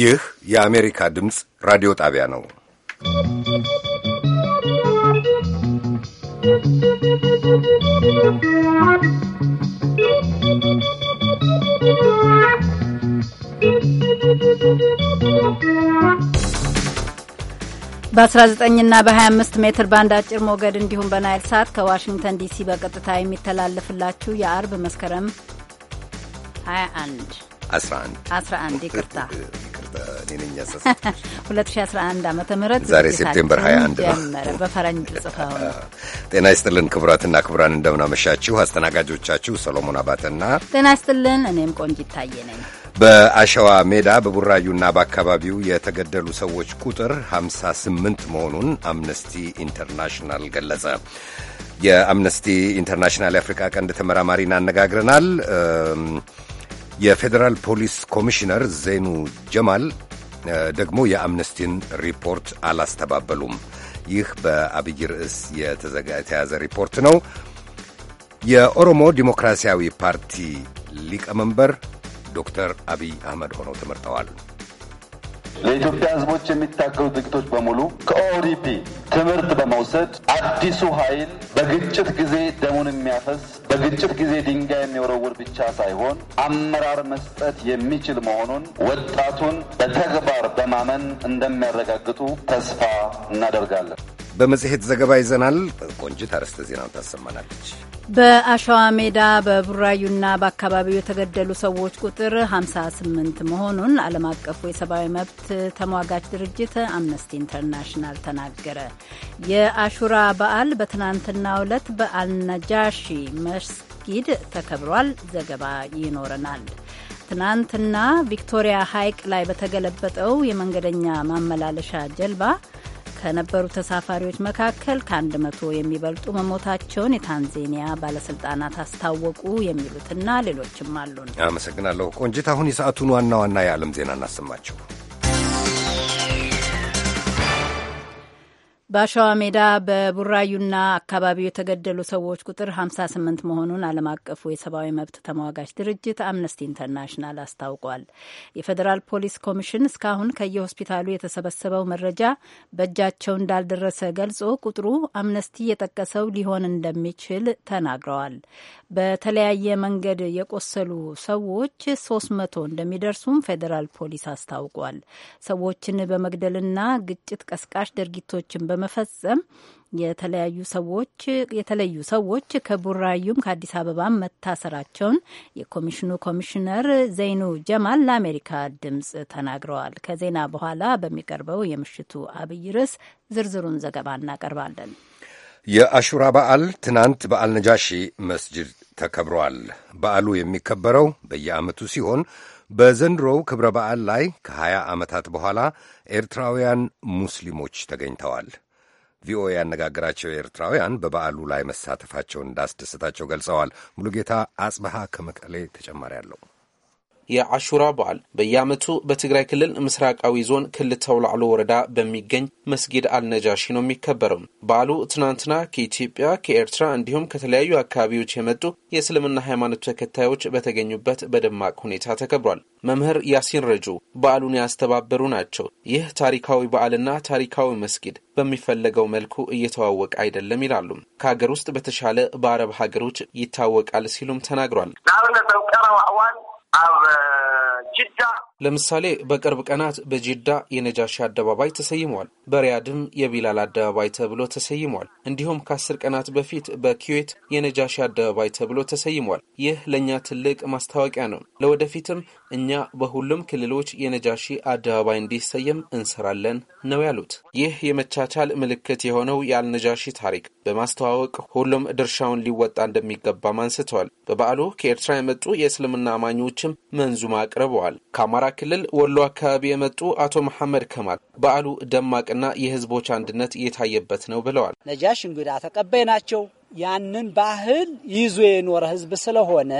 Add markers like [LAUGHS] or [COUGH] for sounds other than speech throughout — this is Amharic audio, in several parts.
ይህ የአሜሪካ ድምፅ ራዲዮ ጣቢያ ነው። በ19 እና በ25 ሜትር ባንድ አጭር ሞገድ እንዲሁም በናይል ሳት ከዋሽንግተን ዲሲ በቀጥታ የሚተላለፍላችሁ የአርብ መስከረም 21 11 11 ይቅርታ በኔነኛ ሰሰ 2011 ዓ ም ዛሬ ሴፕቴምበር 21 ነው በፈረንጅ ጽፈው። [LAUGHS] ጤና ይስጥልን ክቡራትና ክቡራን፣ እንደምናመሻችሁ። አስተናጋጆቻችሁ ሰሎሞን አባተና ጤና ይስጥልን፣ እኔም ቆንጅ ይታየ ነኝ። በአሸዋ ሜዳ በቡራዩና በአካባቢው የተገደሉ ሰዎች ቁጥር 58 መሆኑን አምነስቲ ኢንተርናሽናል ገለጸ። የአምነስቲ ኢንተርናሽናል የአፍሪካ ቀንድ ተመራማሪን አነጋግረናል። የፌዴራል ፖሊስ ኮሚሽነር ዘይኑ ጀማል ደግሞ የአምነስቲን ሪፖርት አላስተባበሉም። ይህ በአብይ ርዕስ የተያዘ ሪፖርት ነው። የኦሮሞ ዲሞክራሲያዊ ፓርቲ ሊቀመንበር ዶክተር አብይ አህመድ ሆነው ተመርጠዋል። ለኢትዮጵያ ሕዝቦች የሚታገሉ ድርጅቶች በሙሉ ከኦዲፒ ትምህርት በመውሰድ አዲሱ ኃይል በግጭት ጊዜ ደሙን የሚያፈስ በግጭት ጊዜ ድንጋይ የሚወረውር ብቻ ሳይሆን አመራር መስጠት የሚችል መሆኑን ወጣቱን በተግባር በማመን እንደሚያረጋግጡ ተስፋ እናደርጋለን። በመጽሔት ዘገባ ይዘናል። ቆንጅት አርዕስተ ዜናውን ታሰማናለች። በአሸዋ ሜዳ በቡራዩና በአካባቢው የተገደሉ ሰዎች ቁጥር 58 መሆኑን ዓለም አቀፉ የሰብአዊ መብት ተሟጋች ድርጅት አምነስቲ ኢንተርናሽናል ተናገረ። የአሹራ በዓል በትናንትናው ዕለት በአልነጃሺ መስጊድ ተከብሯል። ዘገባ ይኖረናል። ትናንትና ቪክቶሪያ ሐይቅ ላይ በተገለበጠው የመንገደኛ ማመላለሻ ጀልባ ከነበሩ ተሳፋሪዎች መካከል ከአንድ መቶ የሚበልጡ መሞታቸውን የታንዜኒያ ባለስልጣናት አስታወቁ። የሚሉትና ሌሎችም አሉን። አመሰግናለሁ ቆንጂት። አሁን የሰዓቱን ዋና ዋና የዓለም ዜና እናሰማቸው። በአሸዋ ሜዳ በቡራዩና አካባቢው የተገደሉ ሰዎች ቁጥር 58 መሆኑን ዓለም አቀፉ የሰብአዊ መብት ተሟጋች ድርጅት አምነስቲ ኢንተርናሽናል አስታውቋል። የፌዴራል ፖሊስ ኮሚሽን እስካሁን ከየሆስፒታሉ የተሰበሰበው መረጃ በእጃቸው እንዳልደረሰ ገልጾ ቁጥሩ አምነስቲ የጠቀሰው ሊሆን እንደሚችል ተናግረዋል። በተለያየ መንገድ የቆሰሉ ሰዎች 300 እንደሚደርሱም ፌዴራል ፖሊስ አስታውቋል። ሰዎችን በመግደልና ግጭት ቀስቃሽ ድርጊቶችን በመፈጸም የተለያዩ ሰዎች የተለዩ ሰዎች ከቡራዩም ከአዲስ አበባ መታሰራቸውን የኮሚሽኑ ኮሚሽነር ዘይኑ ጀማል ለአሜሪካ ድምጽ ተናግረዋል። ከዜና በኋላ በሚቀርበው የምሽቱ አብይ ርዕስ ዝርዝሩን ዘገባ እናቀርባለን። የአሹራ በዓል ትናንት በዓል ነጃሺ መስጅድ ተከብሯል። በዓሉ የሚከበረው በየዓመቱ ሲሆን በዘንድሮው ክብረ በዓል ላይ ከ20 ዓመታት በኋላ ኤርትራውያን ሙስሊሞች ተገኝተዋል። ቪኦኤ ያነጋገራቸው ኤርትራውያን በበዓሉ ላይ መሳተፋቸውን እንዳስደሰታቸው ገልጸዋል። ሙሉጌታ አጽብሃ ከመቀሌ ተጨማሪ አለው። የአሹራ በዓል በየዓመቱ በትግራይ ክልል ምስራቃዊ ዞን ክልተ አውላዕሎ ወረዳ በሚገኝ መስጊድ አልነጃሺ ነው የሚከበረው። በዓሉ ትናንትና ከኢትዮጵያ፣ ከኤርትራ እንዲሁም ከተለያዩ አካባቢዎች የመጡ የእስልምና ሃይማኖት ተከታዮች በተገኙበት በደማቅ ሁኔታ ተከብሯል። መምህር ያሲን ረጁ በዓሉን ያስተባበሩ ናቸው። ይህ ታሪካዊ በዓልና ታሪካዊ መስጊድ በሚፈለገው መልኩ እየተዋወቀ አይደለም ይላሉ። ከሀገር ውስጥ በተሻለ በአረብ ሀገሮች ይታወቃል ሲሉም ተናግሯል። of uh, Jeddah ለምሳሌ በቅርብ ቀናት በጂዳ የነጃሺ አደባባይ ተሰይሟል። በሪያድም የቢላል አደባባይ ተብሎ ተሰይሟል። እንዲሁም ከአስር ቀናት በፊት በኩዌት የነጃሺ አደባባይ ተብሎ ተሰይሟል። ይህ ለእኛ ትልቅ ማስታወቂያ ነው። ለወደፊትም እኛ በሁሉም ክልሎች የነጃሺ አደባባይ እንዲሰየም እንሰራለን ነው ያሉት። ይህ የመቻቻል ምልክት የሆነው የአልነጃሺ ታሪክ በማስተዋወቅ ሁሉም ድርሻውን ሊወጣ እንደሚገባም አንስተዋል። በበዓሉ ከኤርትራ የመጡ የእስልምና አማኞችም መንዙማ አቅርበዋል። ከአማራ ክልል ወሎ አካባቢ የመጡ አቶ መሐመድ ከማል በዓሉ ደማቅና የህዝቦች አንድነት የታየበት ነው ብለዋል። ነጃሽ እንግዳ ተቀባይ ናቸው። ያንን ባህል ይዞ የኖረ ህዝብ ስለሆነ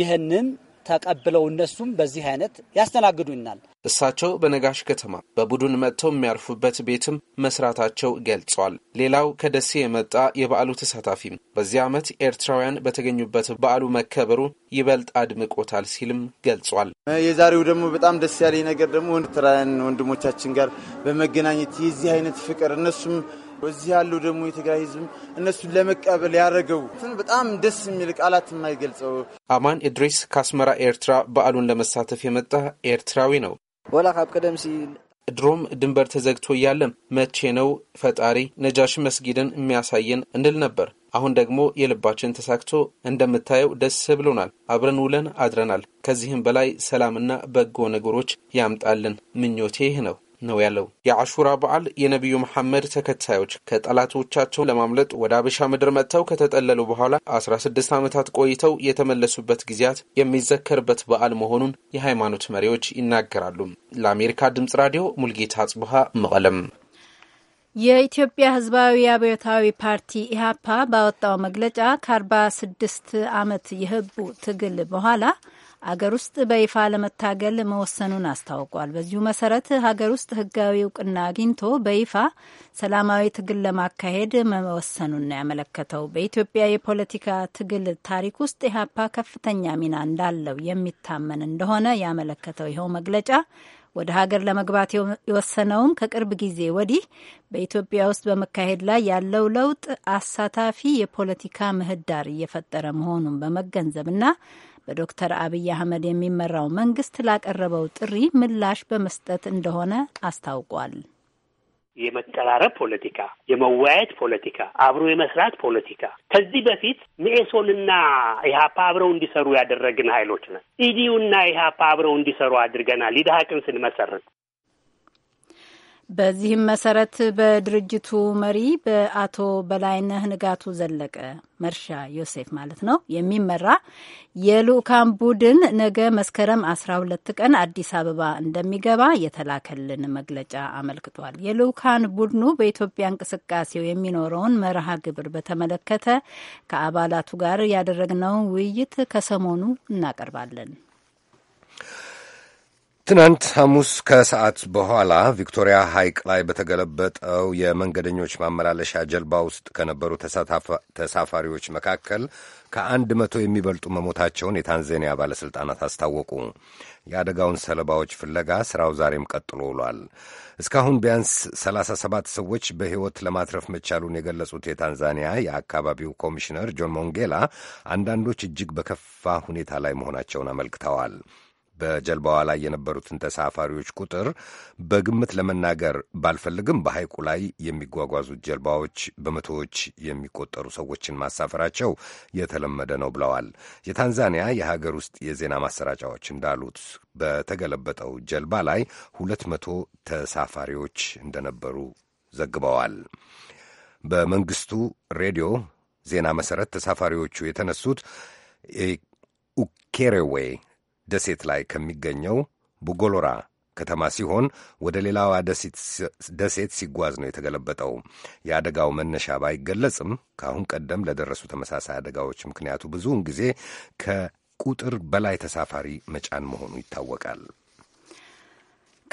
ይህንን ተቀብለው እነሱም በዚህ አይነት ያስተናግዱናል። እሳቸው በነጋሽ ከተማ በቡድን መጥተው የሚያርፉበት ቤትም መስራታቸው ገልጿል። ሌላው ከደሴ የመጣ የበዓሉ ተሳታፊም በዚህ ዓመት ኤርትራውያን በተገኙበት በዓሉ መከበሩ ይበልጥ አድምቆታል ሲልም ገልጿል። የዛሬው ደግሞ በጣም ደስ ያለኝ ነገር ደግሞ ኤርትራውያን ወንድሞቻችን ጋር በመገናኘት የዚህ አይነት ፍቅር እነሱም በዚህ ያለው ደግሞ የትግራይ ህዝብ እነሱን ለመቀበል ያደረገው በጣም ደስ የሚል ቃላት የማይገልጸው። አማን ኢድሪስ ከአስመራ ኤርትራ በዓሉን ለመሳተፍ የመጣ ኤርትራዊ ነው። ወላ ካብ ቀደም ሲል ድሮም ድንበር ተዘግቶ እያለ መቼ ነው ፈጣሪ ነጃሽ መስጊድን የሚያሳየን እንል ነበር። አሁን ደግሞ የልባችን ተሳክቶ እንደምታየው ደስ ብሎናል። አብረን ውለን አድረናል። ከዚህም በላይ ሰላምና በጎ ነገሮች ያምጣልን። ምኞቴ ይህ ነው። ነው ያለው። የአሹራ በዓል የነቢዩ መሐመድ ተከታዮች ከጠላቶቻቸው ለማምለጥ ወደ አበሻ ምድር መጥተው ከተጠለሉ በኋላ 16 ዓመታት ቆይተው የተመለሱበት ጊዜያት የሚዘከርበት በዓል መሆኑን የሃይማኖት መሪዎች ይናገራሉ። ለአሜሪካ ድምጽ ራዲዮ ሙልጌታ አጽብሃ መቀለም። የኢትዮጵያ ህዝባዊ አብዮታዊ ፓርቲ ኢህአፓ ባወጣው መግለጫ ከ46 ዓመት የህቡ ትግል በኋላ አገር ውስጥ በይፋ ለመታገል መወሰኑን አስታውቋል። በዚሁ መሰረት ሀገር ውስጥ ህጋዊ እውቅና አግኝቶ በይፋ ሰላማዊ ትግል ለማካሄድ መወሰኑን ያመለከተው በኢትዮጵያ የፖለቲካ ትግል ታሪክ ውስጥ ኢህአፓ ከፍተኛ ሚና እንዳለው የሚታመን እንደሆነ ያመለከተው ይኸው መግለጫ ወደ ሀገር ለመግባት የወሰነውም ከቅርብ ጊዜ ወዲህ በኢትዮጵያ ውስጥ በመካሄድ ላይ ያለው ለውጥ አሳታፊ የፖለቲካ ምህዳር እየፈጠረ መሆኑን በመገንዘብና በዶክተር አብይ አህመድ የሚመራው መንግስት ላቀረበው ጥሪ ምላሽ በመስጠት እንደሆነ አስታውቋል። የመቀራረብ ፖለቲካ፣ የመወያየት ፖለቲካ፣ አብሮ የመስራት ፖለቲካ ከዚህ በፊት መኢሶንና ኢህአፓ አብረው እንዲሰሩ ያደረግን ሀይሎች ነን። ኢዲዩና ኢህአፓ አብረው እንዲሰሩ አድርገናል። ኢድሀቅን ስንመሰርት በዚህም መሰረት በድርጅቱ መሪ በአቶ በላይነህ ንጋቱ ዘለቀ መርሻ ዮሴፍ ማለት ነው የሚመራ የልኡካን ቡድን ነገ መስከረም 12 ቀን አዲስ አበባ እንደሚገባ የተላከልን መግለጫ አመልክቷል። የልኡካን ቡድኑ በኢትዮጵያ እንቅስቃሴው የሚኖረውን መርሃ ግብር በተመለከተ ከአባላቱ ጋር ያደረግነውን ውይይት ከሰሞኑ እናቀርባለን። ትናንት ሐሙስ ከሰዓት በኋላ ቪክቶሪያ ሐይቅ ላይ በተገለበጠው የመንገደኞች ማመላለሻ ጀልባ ውስጥ ከነበሩ ተሳፋሪዎች መካከል ከአንድ መቶ የሚበልጡ መሞታቸውን የታንዛኒያ ባለሥልጣናት አስታወቁ። የአደጋውን ሰለባዎች ፍለጋ ሥራው ዛሬም ቀጥሎ ውሏል። እስካሁን ቢያንስ 3 ሰባት ሰዎች በሕይወት ለማትረፍ መቻሉን የገለጹት የታንዛኒያ የአካባቢው ኮሚሽነር ጆን ሞንጌላ አንዳንዶች እጅግ በከፋ ሁኔታ ላይ መሆናቸውን አመልክተዋል። በጀልባዋ ላይ የነበሩትን ተሳፋሪዎች ቁጥር በግምት ለመናገር ባልፈልግም በሐይቁ ላይ የሚጓጓዙት ጀልባዎች በመቶዎች የሚቆጠሩ ሰዎችን ማሳፈራቸው የተለመደ ነው ብለዋል። የታንዛኒያ የሀገር ውስጥ የዜና ማሰራጫዎች እንዳሉት በተገለበጠው ጀልባ ላይ ሁለት መቶ ተሳፋሪዎች እንደነበሩ ዘግበዋል። በመንግስቱ ሬዲዮ ዜና መሰረት ተሳፋሪዎቹ የተነሱት ኡኬሬዌ ደሴት ላይ ከሚገኘው ቡጎሎራ ከተማ ሲሆን ወደ ሌላዋ ደሴት ሲጓዝ ነው የተገለበጠው። የአደጋው መነሻ ባይገለጽም ከአሁን ቀደም ለደረሱ ተመሳሳይ አደጋዎች ምክንያቱ ብዙውን ጊዜ ከቁጥር በላይ ተሳፋሪ መጫን መሆኑ ይታወቃል።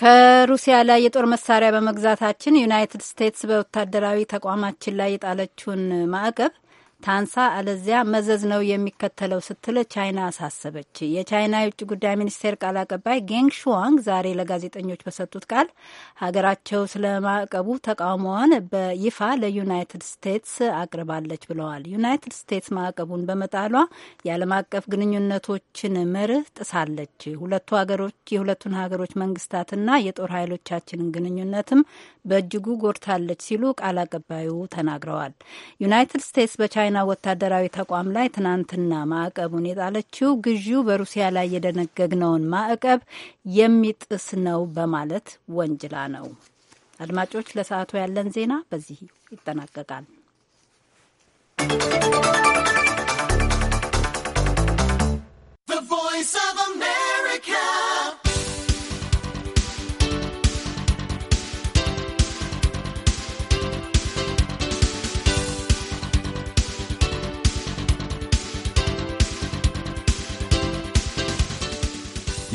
ከሩሲያ ላይ የጦር መሳሪያ በመግዛታችን ዩናይትድ ስቴትስ በወታደራዊ ተቋማችን ላይ የጣለችውን ማዕቀብ ታንሳ አለዚያ መዘዝ ነው የሚከተለው ስትል ቻይና አሳሰበች። የቻይና የውጭ ጉዳይ ሚኒስቴር ቃል አቀባይ ጌንግ ሹዋንግ ዛሬ ለጋዜጠኞች በሰጡት ቃል ሀገራቸው ስለ ማዕቀቡ ተቃውሞዋን በይፋ ለዩናይትድ ስቴትስ አቅርባለች ብለዋል። ዩናይትድ ስቴትስ ማዕቀቡን በመጣሏ የዓለም አቀፍ ግንኙነቶችን መርህ ጥሳለች፣ ሁለቱ ሀገሮች የሁለቱን ሀገሮች መንግስታትና የጦር ኃይሎቻችንን ግንኙነትም በእጅጉ ጎድታለች ሲሉ ቃል አቀባዩ ተናግረዋል። ዩናይትድ ስቴትስ በቻ በቻይና ወታደራዊ ተቋም ላይ ትናንትና ማዕቀቡን የጣለችው ግዢው በሩሲያ ላይ የደነገግነውን ማዕቀብ የሚጥስ ነው በማለት ወንጅላ ነው። አድማጮች፣ ለሰዓቱ ያለን ዜና በዚህ ይጠናቀቃል። The Voice of America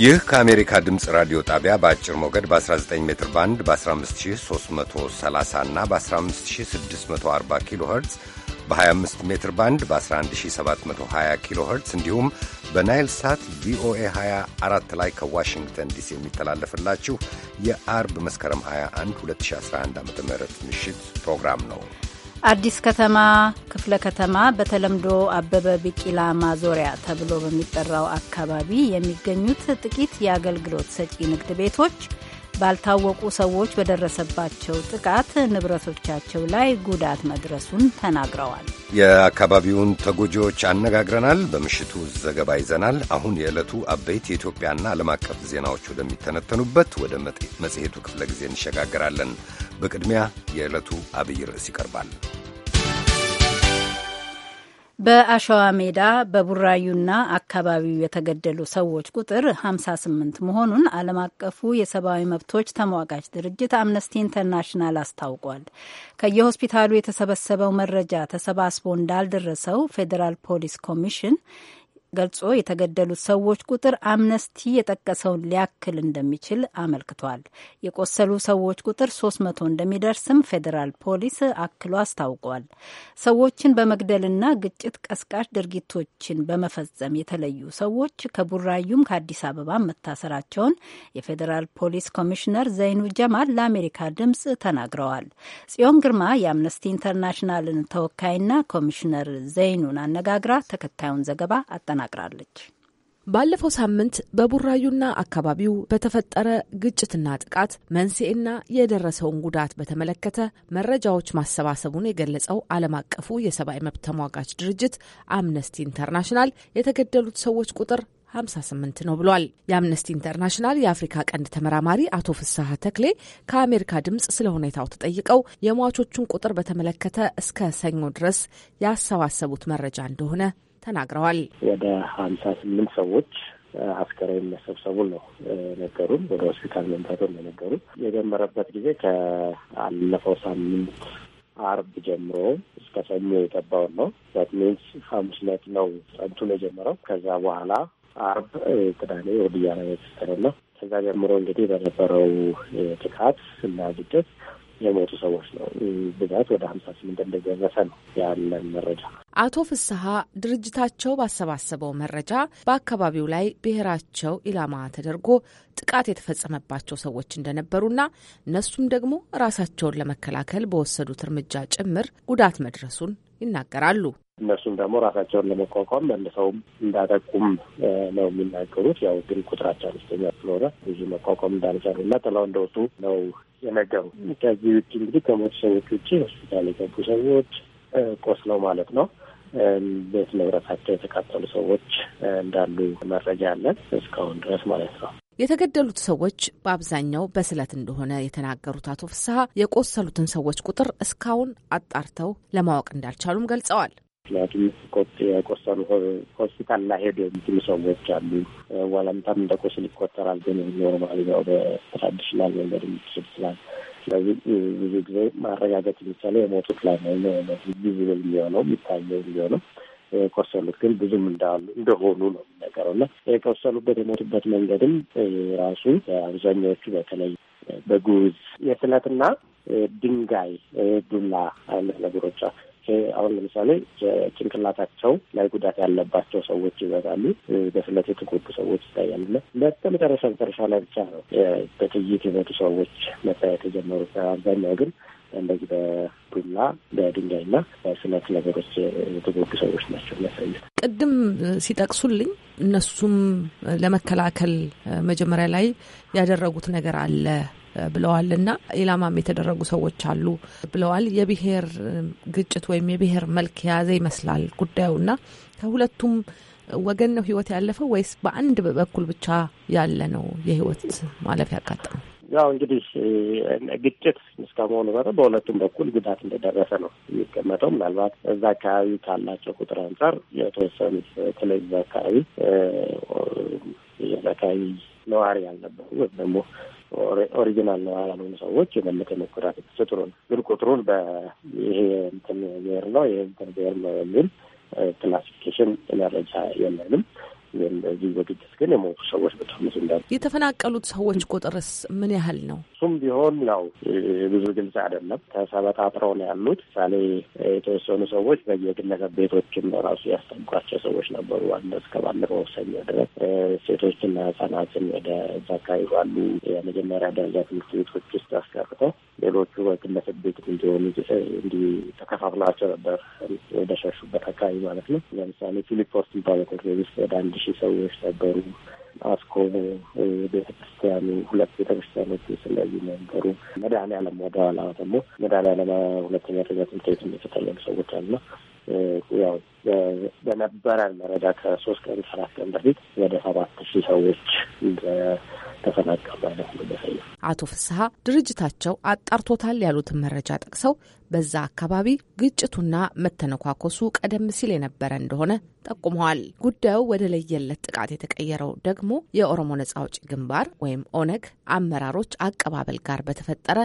ይህ ከአሜሪካ ድምፅ ራዲዮ ጣቢያ በአጭር ሞገድ በ19 ሜትር ባንድ በ15330 እና በ15640 ኪሎ ኸርትዝ በ25 ሜትር ባንድ በ11720 ኪሎ ኸርትዝ እንዲሁም በናይል ሳት ቪኦኤ 24 ላይ ከዋሽንግተን ዲሲ የሚተላለፍላችሁ የአርብ መስከረም 21 2011 ዓ ም ምሽት ፕሮግራም ነው። አዲስ ከተማ ክፍለ ከተማ በተለምዶ አበበ ቢቂላ ማዞሪያ ተብሎ በሚጠራው አካባቢ የሚገኙት ጥቂት የአገልግሎት ሰጪ ንግድ ቤቶች ባልታወቁ ሰዎች በደረሰባቸው ጥቃት ንብረቶቻቸው ላይ ጉዳት መድረሱን ተናግረዋል። የአካባቢውን ተጎጂዎች አነጋግረናል። በምሽቱ ዘገባ ይዘናል። አሁን የዕለቱ አበይት የኢትዮጵያና ዓለም አቀፍ ዜናዎች ወደሚተነተኑበት ወደ መጽሔቱ ክፍለ ጊዜ እንሸጋገራለን። በቅድሚያ የዕለቱ አብይ ርዕስ ይቀርባል። በአሸዋ ሜዳ በቡራዩና አካባቢው የተገደሉ ሰዎች ቁጥር 58 መሆኑን ዓለም አቀፉ የሰብአዊ መብቶች ተሟጋች ድርጅት አምነስቲ ኢንተርናሽናል አስታውቋል። ከየሆስፒታሉ የተሰበሰበው መረጃ ተሰባስቦ እንዳልደረሰው ፌዴራል ፖሊስ ኮሚሽን ገልጾ የተገደሉት ሰዎች ቁጥር አምነስቲ የጠቀሰውን ሊያክል እንደሚችል አመልክቷል። የቆሰሉ ሰዎች ቁጥር 300 እንደሚደርስም ፌዴራል ፖሊስ አክሎ አስታውቋል። ሰዎችን በመግደልና ግጭት ቀስቃሽ ድርጊቶችን በመፈጸም የተለዩ ሰዎች ከቡራዩም ከአዲስ አበባ መታሰራቸውን የፌዴራል ፖሊስ ኮሚሽነር ዘይኑ ጀማል ለአሜሪካ ድምጽ ተናግረዋል። ጽዮን ግርማ የአምነስቲ ኢንተርናሽናልን ተወካይና ኮሚሽነር ዘይኑን አነጋግራ ተከታዩን ዘገባ አጠና ተናግራለች። ባለፈው ሳምንት በቡራዩና አካባቢው በተፈጠረ ግጭትና ጥቃት መንስኤና የደረሰውን ጉዳት በተመለከተ መረጃዎች ማሰባሰቡን የገለጸው ዓለም አቀፉ የሰብአዊ መብት ተሟጋች ድርጅት አምነስቲ ኢንተርናሽናል የተገደሉት ሰዎች ቁጥር 58 ነው ብሏል። የአምነስቲ ኢንተርናሽናል የአፍሪካ ቀንድ ተመራማሪ አቶ ፍስሐ ተክሌ ከአሜሪካ ድምፅ ስለ ሁኔታው ተጠይቀው የሟቾቹን ቁጥር በተመለከተ እስከ ሰኞ ድረስ ያሰባሰቡት መረጃ እንደሆነ ተናግረዋል። ወደ ሀምሳ ስምንት ሰዎች አስከሬን መሰብሰቡን ነው ነገሩን። ወደ ሆስፒታል መምጣቱን ነው ነገሩን። የጀመረበት ጊዜ ከአለፈው ሳምንት አርብ ጀምሮ እስከ ሰኞ የጠባውን ነው። ዛት ሚንስ ሐሙስ ዕለት ነው ጸንቱን የጀመረው። ከዛ በኋላ አርብ፣ ቅዳሜ ወዲያ ላይ የተሰረ ነው። ከዛ ጀምሮ እንግዲህ በነበረው ጥቃት እና ግጭት የሞቱ ሰዎች ነው ብዛት ወደ ሀምሳ ስምንት እንደደረሰ ነው ያለን መረጃ። አቶ ፍስሀ ድርጅታቸው ባሰባሰበው መረጃ በአካባቢው ላይ ብሔራቸው ኢላማ ተደርጎ ጥቃት የተፈጸመባቸው ሰዎች እንደነበሩና እነሱም ደግሞ ራሳቸውን ለመከላከል በወሰዱት እርምጃ ጭምር ጉዳት መድረሱን ይናገራሉ። እነሱም ደግሞ ራሳቸውን ለመቋቋም መልሰውም እንዳጠቁም ነው የሚናገሩት። ያው ግን ቁጥራቸው አነስተኛ ስለሆነ ብዙ መቋቋም እንዳልቻሉ እና ጥለው እንደወጡ ነው የነገሩ። ከዚህ ውጭ እንግዲህ ከሞቱ ሰዎች ውጭ ሆስፒታል የገቡ ሰዎች ቆስለው ማለት ነው ቤት ንብረታቸው የተቃጠሉ ሰዎች እንዳሉ መረጃ ያለን እስካሁን ድረስ ማለት ነው። የተገደሉት ሰዎች በአብዛኛው በስለት እንደሆነ የተናገሩት አቶ ፍስሀ የቆሰሉትን ሰዎች ቁጥር እስካሁን አጣርተው ለማወቅ እንዳልቻሉም ገልጸዋል። ምክንያቱም የቆሰሉ ሆስፒታል ላይ ሄዱ የሚችሉ ሰዎች አሉ። ዋላምታም እንደ ቁስል ይቆጠራል። ግን ኖርማሊ ነው በትራዲሽናል መንገድ የሚችል ስላል ስለዚህ ብዙ ጊዜ ማረጋገጥ የሚቻለው የሞቱት ላይ ነው ቪዚብል የሚሆነው የሚታየው የሚሆነው የቆሰሉት ግን ብዙም እንዳሉ እንደሆኑ ነው የሚነገረው እና የቆሰሉበት የሞቱበት መንገድም ራሱ አብዛኛዎቹ በተለይ በጉዝ የስለትና ድንጋይ ዱላ አይነት ነገሮች አሁን ለምሳሌ ጭንቅላታቸው ላይ ጉዳት ያለባቸው ሰዎች ይበዛሉ። በስለት የተጎዱ ሰዎች ይታያሉ። በመጨረሻ መጨረሻ ላይ ብቻ ነው በጥይት የመጡ ሰዎች መታየት የጀመሩ አብዛኛው ግን እንደዚህ በዱላ በድንጋይና በስለት ነገሮች የተጎዱ ሰዎች ናቸው የሚያሳዩት። ቅድም ሲጠቅሱልኝ እነሱም ለመከላከል መጀመሪያ ላይ ያደረጉት ነገር አለ ብለዋል እና ኢላማም የተደረጉ ሰዎች አሉ ብለዋል። የብሄር ግጭት ወይም የብሄር መልክ የያዘ ይመስላል ጉዳዩ እና ከሁለቱም ወገን ነው ህይወት ያለፈው ወይስ በአንድ በኩል ብቻ ያለ ነው የህይወት ማለፍ ያጋጠመው? ያው እንግዲህ ግጭት እስከ መሆኑ በረ በሁለቱም በኩል ጉዳት እንደደረሰ ነው የሚቀመጠው። ምናልባት እዛ አካባቢ ካላቸው ቁጥር አንጻር የተወሰኑት በተለይ እዛ አካባቢ የዛ አካባቢ ነዋሪ ያልነበሩ ወይም ደግሞ ኦሪጂናል ነው ያልሆኑ ሰዎች የበለጠ መጎዳት የተሰጥሮ ነው። ግን ቁጥሩን በይሄ እንትን ብሔር ነው ይሄ እንትን ብሔር ነው የሚል ክላሲፊኬሽን መረጃ የለንም። እዚህ ዝግጅት ግን የሞቱ ሰዎች በጣም እንዳሉ። የተፈናቀሉት ሰዎች ቁጥርስ ምን ያህል ነው? እሱም ቢሆን ያው ብዙ ግልጽ አይደለም። ተሰበጣጥረው ነው ያሉት። ምሳሌ የተወሰኑ ሰዎች በየግለሰብ ቤቶችም ራሱ ያስጠጓቸው ሰዎች ነበሩ። አንድ እስከ ባለፈው ሰኞ ድረስ ሴቶችና ህጻናትን ወደ እዛ አካባቢ ባሉ የመጀመሪያ ደረጃ ትምህርት ቤቶች ውስጥ አስቀርተው ሌሎቹ በግለሰብ ቤት እንዲሆኑ እንዲ ተከፋፍላቸው ነበር ወደ ሸሹበት አካባቢ ማለት ነው። ለምሳሌ ፊሊፖስ ሚባለ ትምህርት ውስጥ ወደ አንድ ሺህ ሰዎች ነበሩ። አስኮሙ ቤተክርስቲያኑ ሁለት ቤተክርስቲያኖች የተለያዩ ነበሩ። መድኃኒዓለም ወደ ኋላ ደግሞ መድኃኒዓለም ሁለተኛ ደረጃ ትምህርት ቤት የተጠለሉ ሰዎች አሉና ያው በነበረን መረጃ ከሶስት ቀን አራት ቀን በፊት ወደ ሰባት ሺህ ሰዎች ተፈናቀሉ አይነት አቶ ፍስሀ ድርጅታቸው አጣርቶታል ያሉትን መረጃ ጠቅሰው በዛ አካባቢ ግጭቱና መተነኳኮሱ ቀደም ሲል የነበረ እንደሆነ ጠቁመዋል። ጉዳዩ ወደ ለየለት ጥቃት የተቀየረው ደግሞ የኦሮሞ ነጻ አውጪ ግንባር ወይም ኦነግ አመራሮች አቀባበል ጋር በተፈጠረ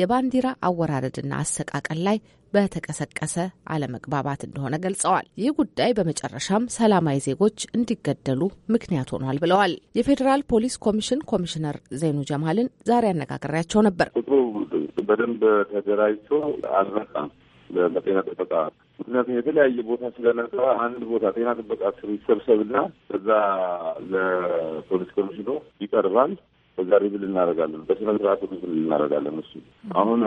የባንዲራ አወራረድና አሰቃቀል ላይ በተቀሰቀሰ አለመግባባት እንደሆነ ገልጸዋል። ይህ ጉዳይ በመጨረሻም ሰላማዊ ዜጎች እንዲገደሉ ምክንያት ሆኗል ብለዋል። የፌዴራል ፖሊስ ኮሚሽን ኮሚሽነር ዜኑ ጀማልን ዛሬ አነጋግሬያቸው ነበር። ቁጥሩ በደንብ ተደራጅቶ መጣ በጤና ጥበቃ ምክንያቱም የተለያየ ቦታ ስለነበረ አንድ ቦታ ጤና ጥበቃ ስር ይሰብሰብና እዛ ለፖሊስ ኮሚሽኑ ይቀርባል። በዛ ሪቪል እናደርጋለን፣ በስነ ስርዓቱ ሪቪል እናደርጋለን። እሱ አሁን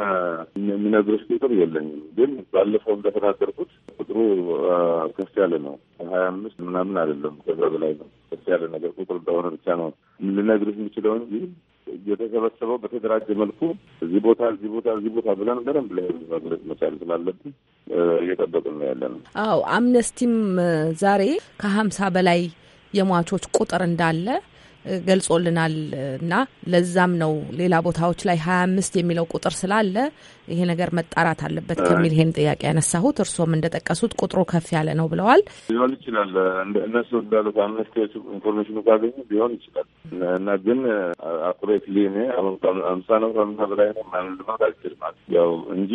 የሚነግሮች ቁጥር የለኝም፣ ግን ባለፈው እንደተናገርኩት ቁጥሩ ከፍ ያለ ነው። ሀያ አምስት ምናምን አይደለም፣ ከዛ በላይ ነው። ከፍ ያለ ነገር ቁጥር እንደሆነ ብቻ ነው ልነግርህ የምችለው እንጂ የተሰበሰበው በተደራጀ መልኩ እዚህ ቦታ እዚህ ቦታ እዚህ ቦታ ብለን በደንብ ለህዝብ መቻል ስላለብን እየጠበቅን ነው ያለ ነው። አዎ አምነስቲም ዛሬ ከሀምሳ በላይ የሟቾች ቁጥር እንዳለ ገልጾልናል እና ለዛም ነው ሌላ ቦታዎች ላይ ሀያ አምስት የሚለው ቁጥር ስላለ ይሄ ነገር መጣራት አለበት ከሚል ይሄን ጥያቄ ያነሳሁት። እርስዎም እንደጠቀሱት ቁጥሩ ከፍ ያለ ነው ብለዋል። ሊሆን ይችላል እነሱ እንዳሉት አምነስቲ ኢንፎርሜሽኑ ካገኙ ሊሆን ይችላል እና ግን አኩሬት ሊኔ አምሳ ነው ከምሳ በላይ ነው ምናምን ልማት አልችልም ያው እንጂ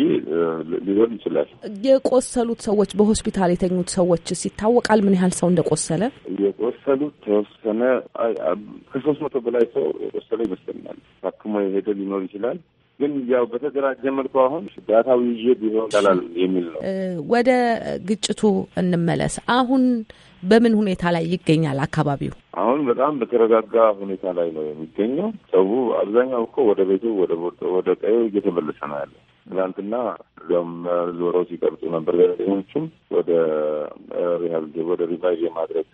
ሊሆን ይችላል። የቆሰሉት ሰዎች በሆስፒታል የተኙት ሰዎችስ ይታወቃል? ምን ያህል ሰው እንደቆሰለ የቆሰሉት ተወሰነ ከሶስት መቶ በላይ ሰው የቆሰለ ይመስለኛል። ታክሞ የሄደ ሊኖር ይችላል ግን ያው በተደራጀ መልኩ አሁን ዳታው ይዤ ቢሆን ይቻላል የሚል ነው። ወደ ግጭቱ እንመለስ። አሁን በምን ሁኔታ ላይ ይገኛል አካባቢው? አሁን በጣም በተረጋጋ ሁኔታ ላይ ነው የሚገኘው። ሰው አብዛኛው እኮ ወደ ቤቱ ወደ ቀዩ እየተመለሰ ነው ያለ ትናንትና እዚያም ዞረው ሲቀርጹ ነበር። ጋዜጠኞቹም ወደ ሪሃል ወደ ሪቫይቭ የማድረግ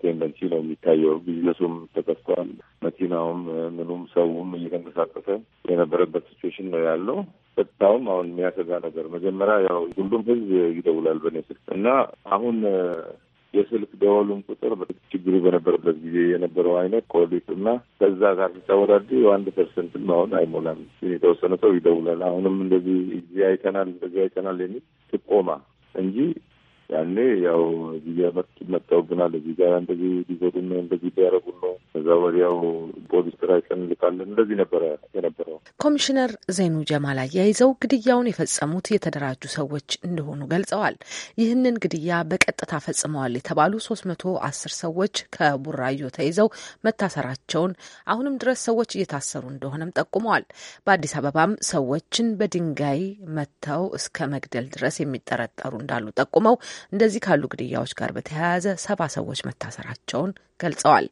ቴንደንሲ ነው የሚታየው። ቢዝነሱም ተከፍቷል። መኪናውም ምኑም ሰውም እየተንቀሳቀሰ የነበረበት ሲትዌሽን ነው ያለው። ቀጥታውም አሁን የሚያሰጋ ነገር መጀመሪያ ያው ሁሉም ህዝብ ይደውላል በኔ ስልክ እና አሁን የስልክ ደወሉን ቁጥር ችግሩ በነበረበት ጊዜ የነበረው አይነት ኮሊት እና ከዛ ጋር ሲታወዳዱ አንድ ፐርሰንትም አሁን አይሞላም። የተወሰነ ሰው ይደውላል። አሁንም እንደዚህ እዚህ አይተናል እንደዚህ አይተናል የሚል ጥቆማ እንጂ ያኔ ያው እዚህ መጡ መጣውብናል እዚህ ጋር እንደዚህ ሊዘዱ ነው እንደዚህ ሊያረጉን ነው፣ እዛ ወዲያው ፖሊስ ስራችን ልካለን እንደዚህ ነበረ የነበረው። ኮሚሽነር ዘይኑ ጀማል አያይዘው ግድያውን የፈጸሙት የተደራጁ ሰዎች እንደሆኑ ገልጸዋል። ይህንን ግድያ በቀጥታ ፈጽመዋል የተባሉ ሶስት መቶ አስር ሰዎች ከቡራዮ ተይዘው መታሰራቸውን አሁንም ድረስ ሰዎች እየታሰሩ እንደሆነም ጠቁመዋል። በአዲስ አበባም ሰዎችን በድንጋይ መተው እስከ መግደል ድረስ የሚጠረጠሩ እንዳሉ ጠቁመው እንደዚህ ካሉ ግድያዎች ጋር በተያያዘ ሰባ ሰዎች መታሰራቸውን ገልጸዋል።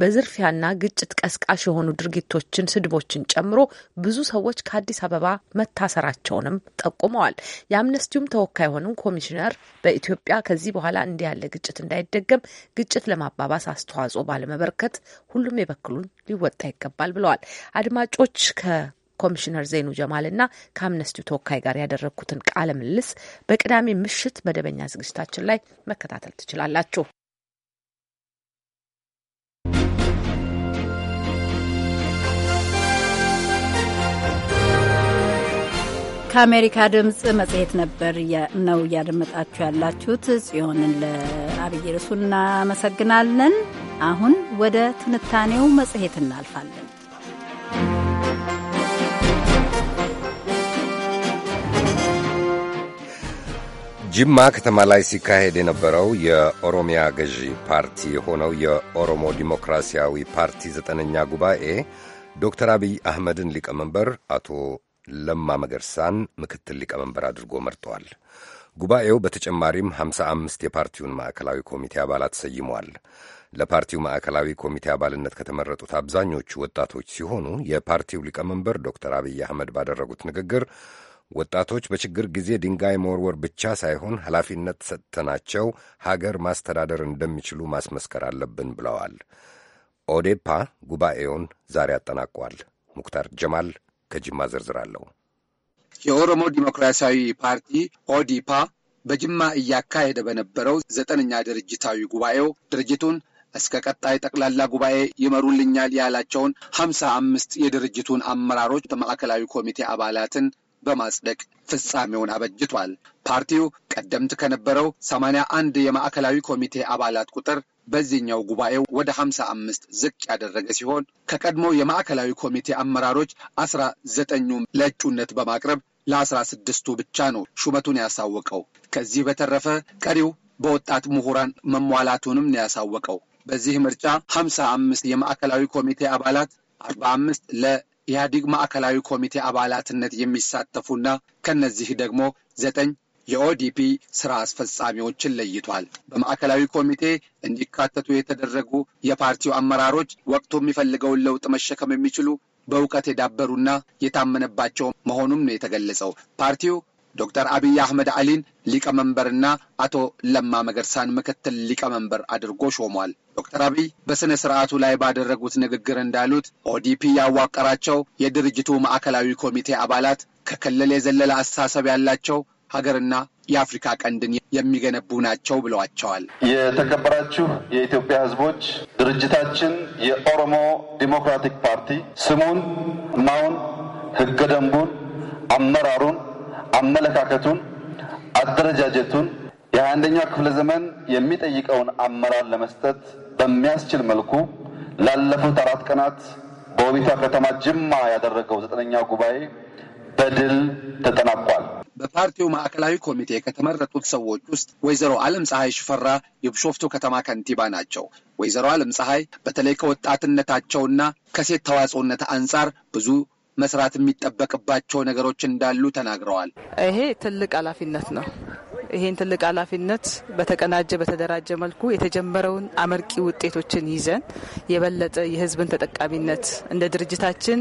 በዝርፊያና ግጭት ቀስቃሽ የሆኑ ድርጊቶችን፣ ስድቦችን ጨምሮ ብዙ ሰዎች ከአዲስ አበባ መታሰራቸውንም ጠቁመዋል። የአምነስቲውም ተወካይ የሆኑ ኮሚሽነር በኢትዮጵያ ከዚህ በኋላ እንዲህ ያለ ግጭት እንዳይደገም ግጭት ለማባባስ አስተዋጽኦ ባለመበርከት ሁሉም የበኩሉን ሊወጣ ይገባል ብለዋል። አድማጮች ከ ኮሚሽነር ዜኑ ጀማልና ከአምነስቲው ተወካይ ጋር ያደረግኩትን ቃለ ምልልስ በቅዳሜ ምሽት መደበኛ ዝግጅታችን ላይ መከታተል ትችላላችሁ። ከአሜሪካ ድምፅ መጽሔት ነበር ነው እያደመጣችሁ ያላችሁት። ጽዮንን ለአብይ ርሱ እናመሰግናለን። አሁን ወደ ትንታኔው መጽሔት እናልፋለን። ጅማ ከተማ ላይ ሲካሄድ የነበረው የኦሮሚያ ገዢ ፓርቲ የሆነው የኦሮሞ ዲሞክራሲያዊ ፓርቲ ዘጠነኛ ጉባኤ ዶክተር አብይ አህመድን ሊቀመንበር፣ አቶ ለማ መገርሳን ምክትል ሊቀመንበር አድርጎ መርጠዋል። ጉባኤው በተጨማሪም 55 የፓርቲውን ማዕከላዊ ኮሚቴ አባላት ሰይሟል። ለፓርቲው ማዕከላዊ ኮሚቴ አባልነት ከተመረጡት አብዛኞቹ ወጣቶች ሲሆኑ የፓርቲው ሊቀመንበር ዶክተር አብይ አህመድ ባደረጉት ንግግር ወጣቶች በችግር ጊዜ ድንጋይ መወርወር ብቻ ሳይሆን ኃላፊነት ሰጥተናቸው ሀገር ማስተዳደር እንደሚችሉ ማስመስከር አለብን ብለዋል። ኦዴፓ ጉባኤውን ዛሬ አጠናቋል። ሙክታር ጀማል ከጅማ ዝርዝራለሁ። የኦሮሞ ዲሞክራሲያዊ ፓርቲ ኦዲፓ በጅማ እያካሄደ በነበረው ዘጠነኛ ድርጅታዊ ጉባኤው ድርጅቱን እስከ ቀጣይ ጠቅላላ ጉባኤ ይመሩልኛል ያላቸውን ሀምሳ አምስት የድርጅቱን አመራሮች በማዕከላዊ ኮሚቴ አባላትን በማጽደቅ ፍጻሜውን አበጅቷል። ፓርቲው ቀደምት ከነበረው ሰማንያ አንድ የማዕከላዊ ኮሚቴ አባላት ቁጥር በዚህኛው ጉባኤ ወደ ሀምሳ አምስት ዝቅ ያደረገ ሲሆን ከቀድሞ የማዕከላዊ ኮሚቴ አመራሮች አስራ ዘጠኙ ለእጩነት በማቅረብ ለአስራ ስድስቱ ብቻ ነው ሹመቱን ያሳወቀው። ከዚህ በተረፈ ቀሪው በወጣት ምሁራን መሟላቱንም ነው ያሳወቀው። በዚህ ምርጫ ሀምሳ አምስት የማዕከላዊ ኮሚቴ አባላት አርባ አምስት ለ ኢህአዲግ ማዕከላዊ ኮሚቴ አባላትነት የሚሳተፉና ከነዚህ ደግሞ ዘጠኝ የኦዲፒ ስራ አስፈጻሚዎችን ለይቷል። በማዕከላዊ ኮሚቴ እንዲካተቱ የተደረጉ የፓርቲው አመራሮች ወቅቱ የሚፈልገውን ለውጥ መሸከም የሚችሉ በእውቀት የዳበሩና የታመነባቸው መሆኑም ነው የተገለጸው። ፓርቲው ዶክተር አብይ አህመድ አሊን ሊቀመንበርና አቶ ለማ መገርሳን ምክትል ሊቀመንበር አድርጎ ሾሟል። ዶክተር አብይ በሥነ ሥርዓቱ ላይ ባደረጉት ንግግር እንዳሉት ኦዲፒ ያዋቀራቸው የድርጅቱ ማዕከላዊ ኮሚቴ አባላት ከክልል የዘለለ አስተሳሰብ ያላቸው ሀገርና የአፍሪካ ቀንድን የሚገነቡ ናቸው ብለዋቸዋል። የተከበራችሁ የኢትዮጵያ ሕዝቦች ድርጅታችን የኦሮሞ ዲሞክራቲክ ፓርቲ ስሙን፣ ማውን፣ ሕገ ደንቡን፣ አመራሩን አመለካከቱን፣ አደረጃጀቱን የሀያአንደኛው ክፍለ ዘመን የሚጠይቀውን አመራር ለመስጠት በሚያስችል መልኩ ላለፉት አራት ቀናት በውቢቷ ከተማ ጅማ ያደረገው ዘጠነኛው ጉባኤ በድል ተጠናቋል። በፓርቲው ማዕከላዊ ኮሚቴ ከተመረጡት ሰዎች ውስጥ ወይዘሮ አለም ፀሐይ ሽፈራ የብሾፍቱ ከተማ ከንቲባ ናቸው። ወይዘሮ አለም ፀሐይ በተለይ ከወጣትነታቸውና ከሴት ተዋጽኦነት አንጻር ብዙ መስራት የሚጠበቅባቸው ነገሮች እንዳሉ ተናግረዋል። ይሄ ትልቅ ኃላፊነት ነው። ይሄን ትልቅ ኃላፊነት በተቀናጀ በተደራጀ መልኩ የተጀመረውን አመርቂ ውጤቶችን ይዘን የበለጠ የህዝብን ተጠቃሚነት እንደ ድርጅታችን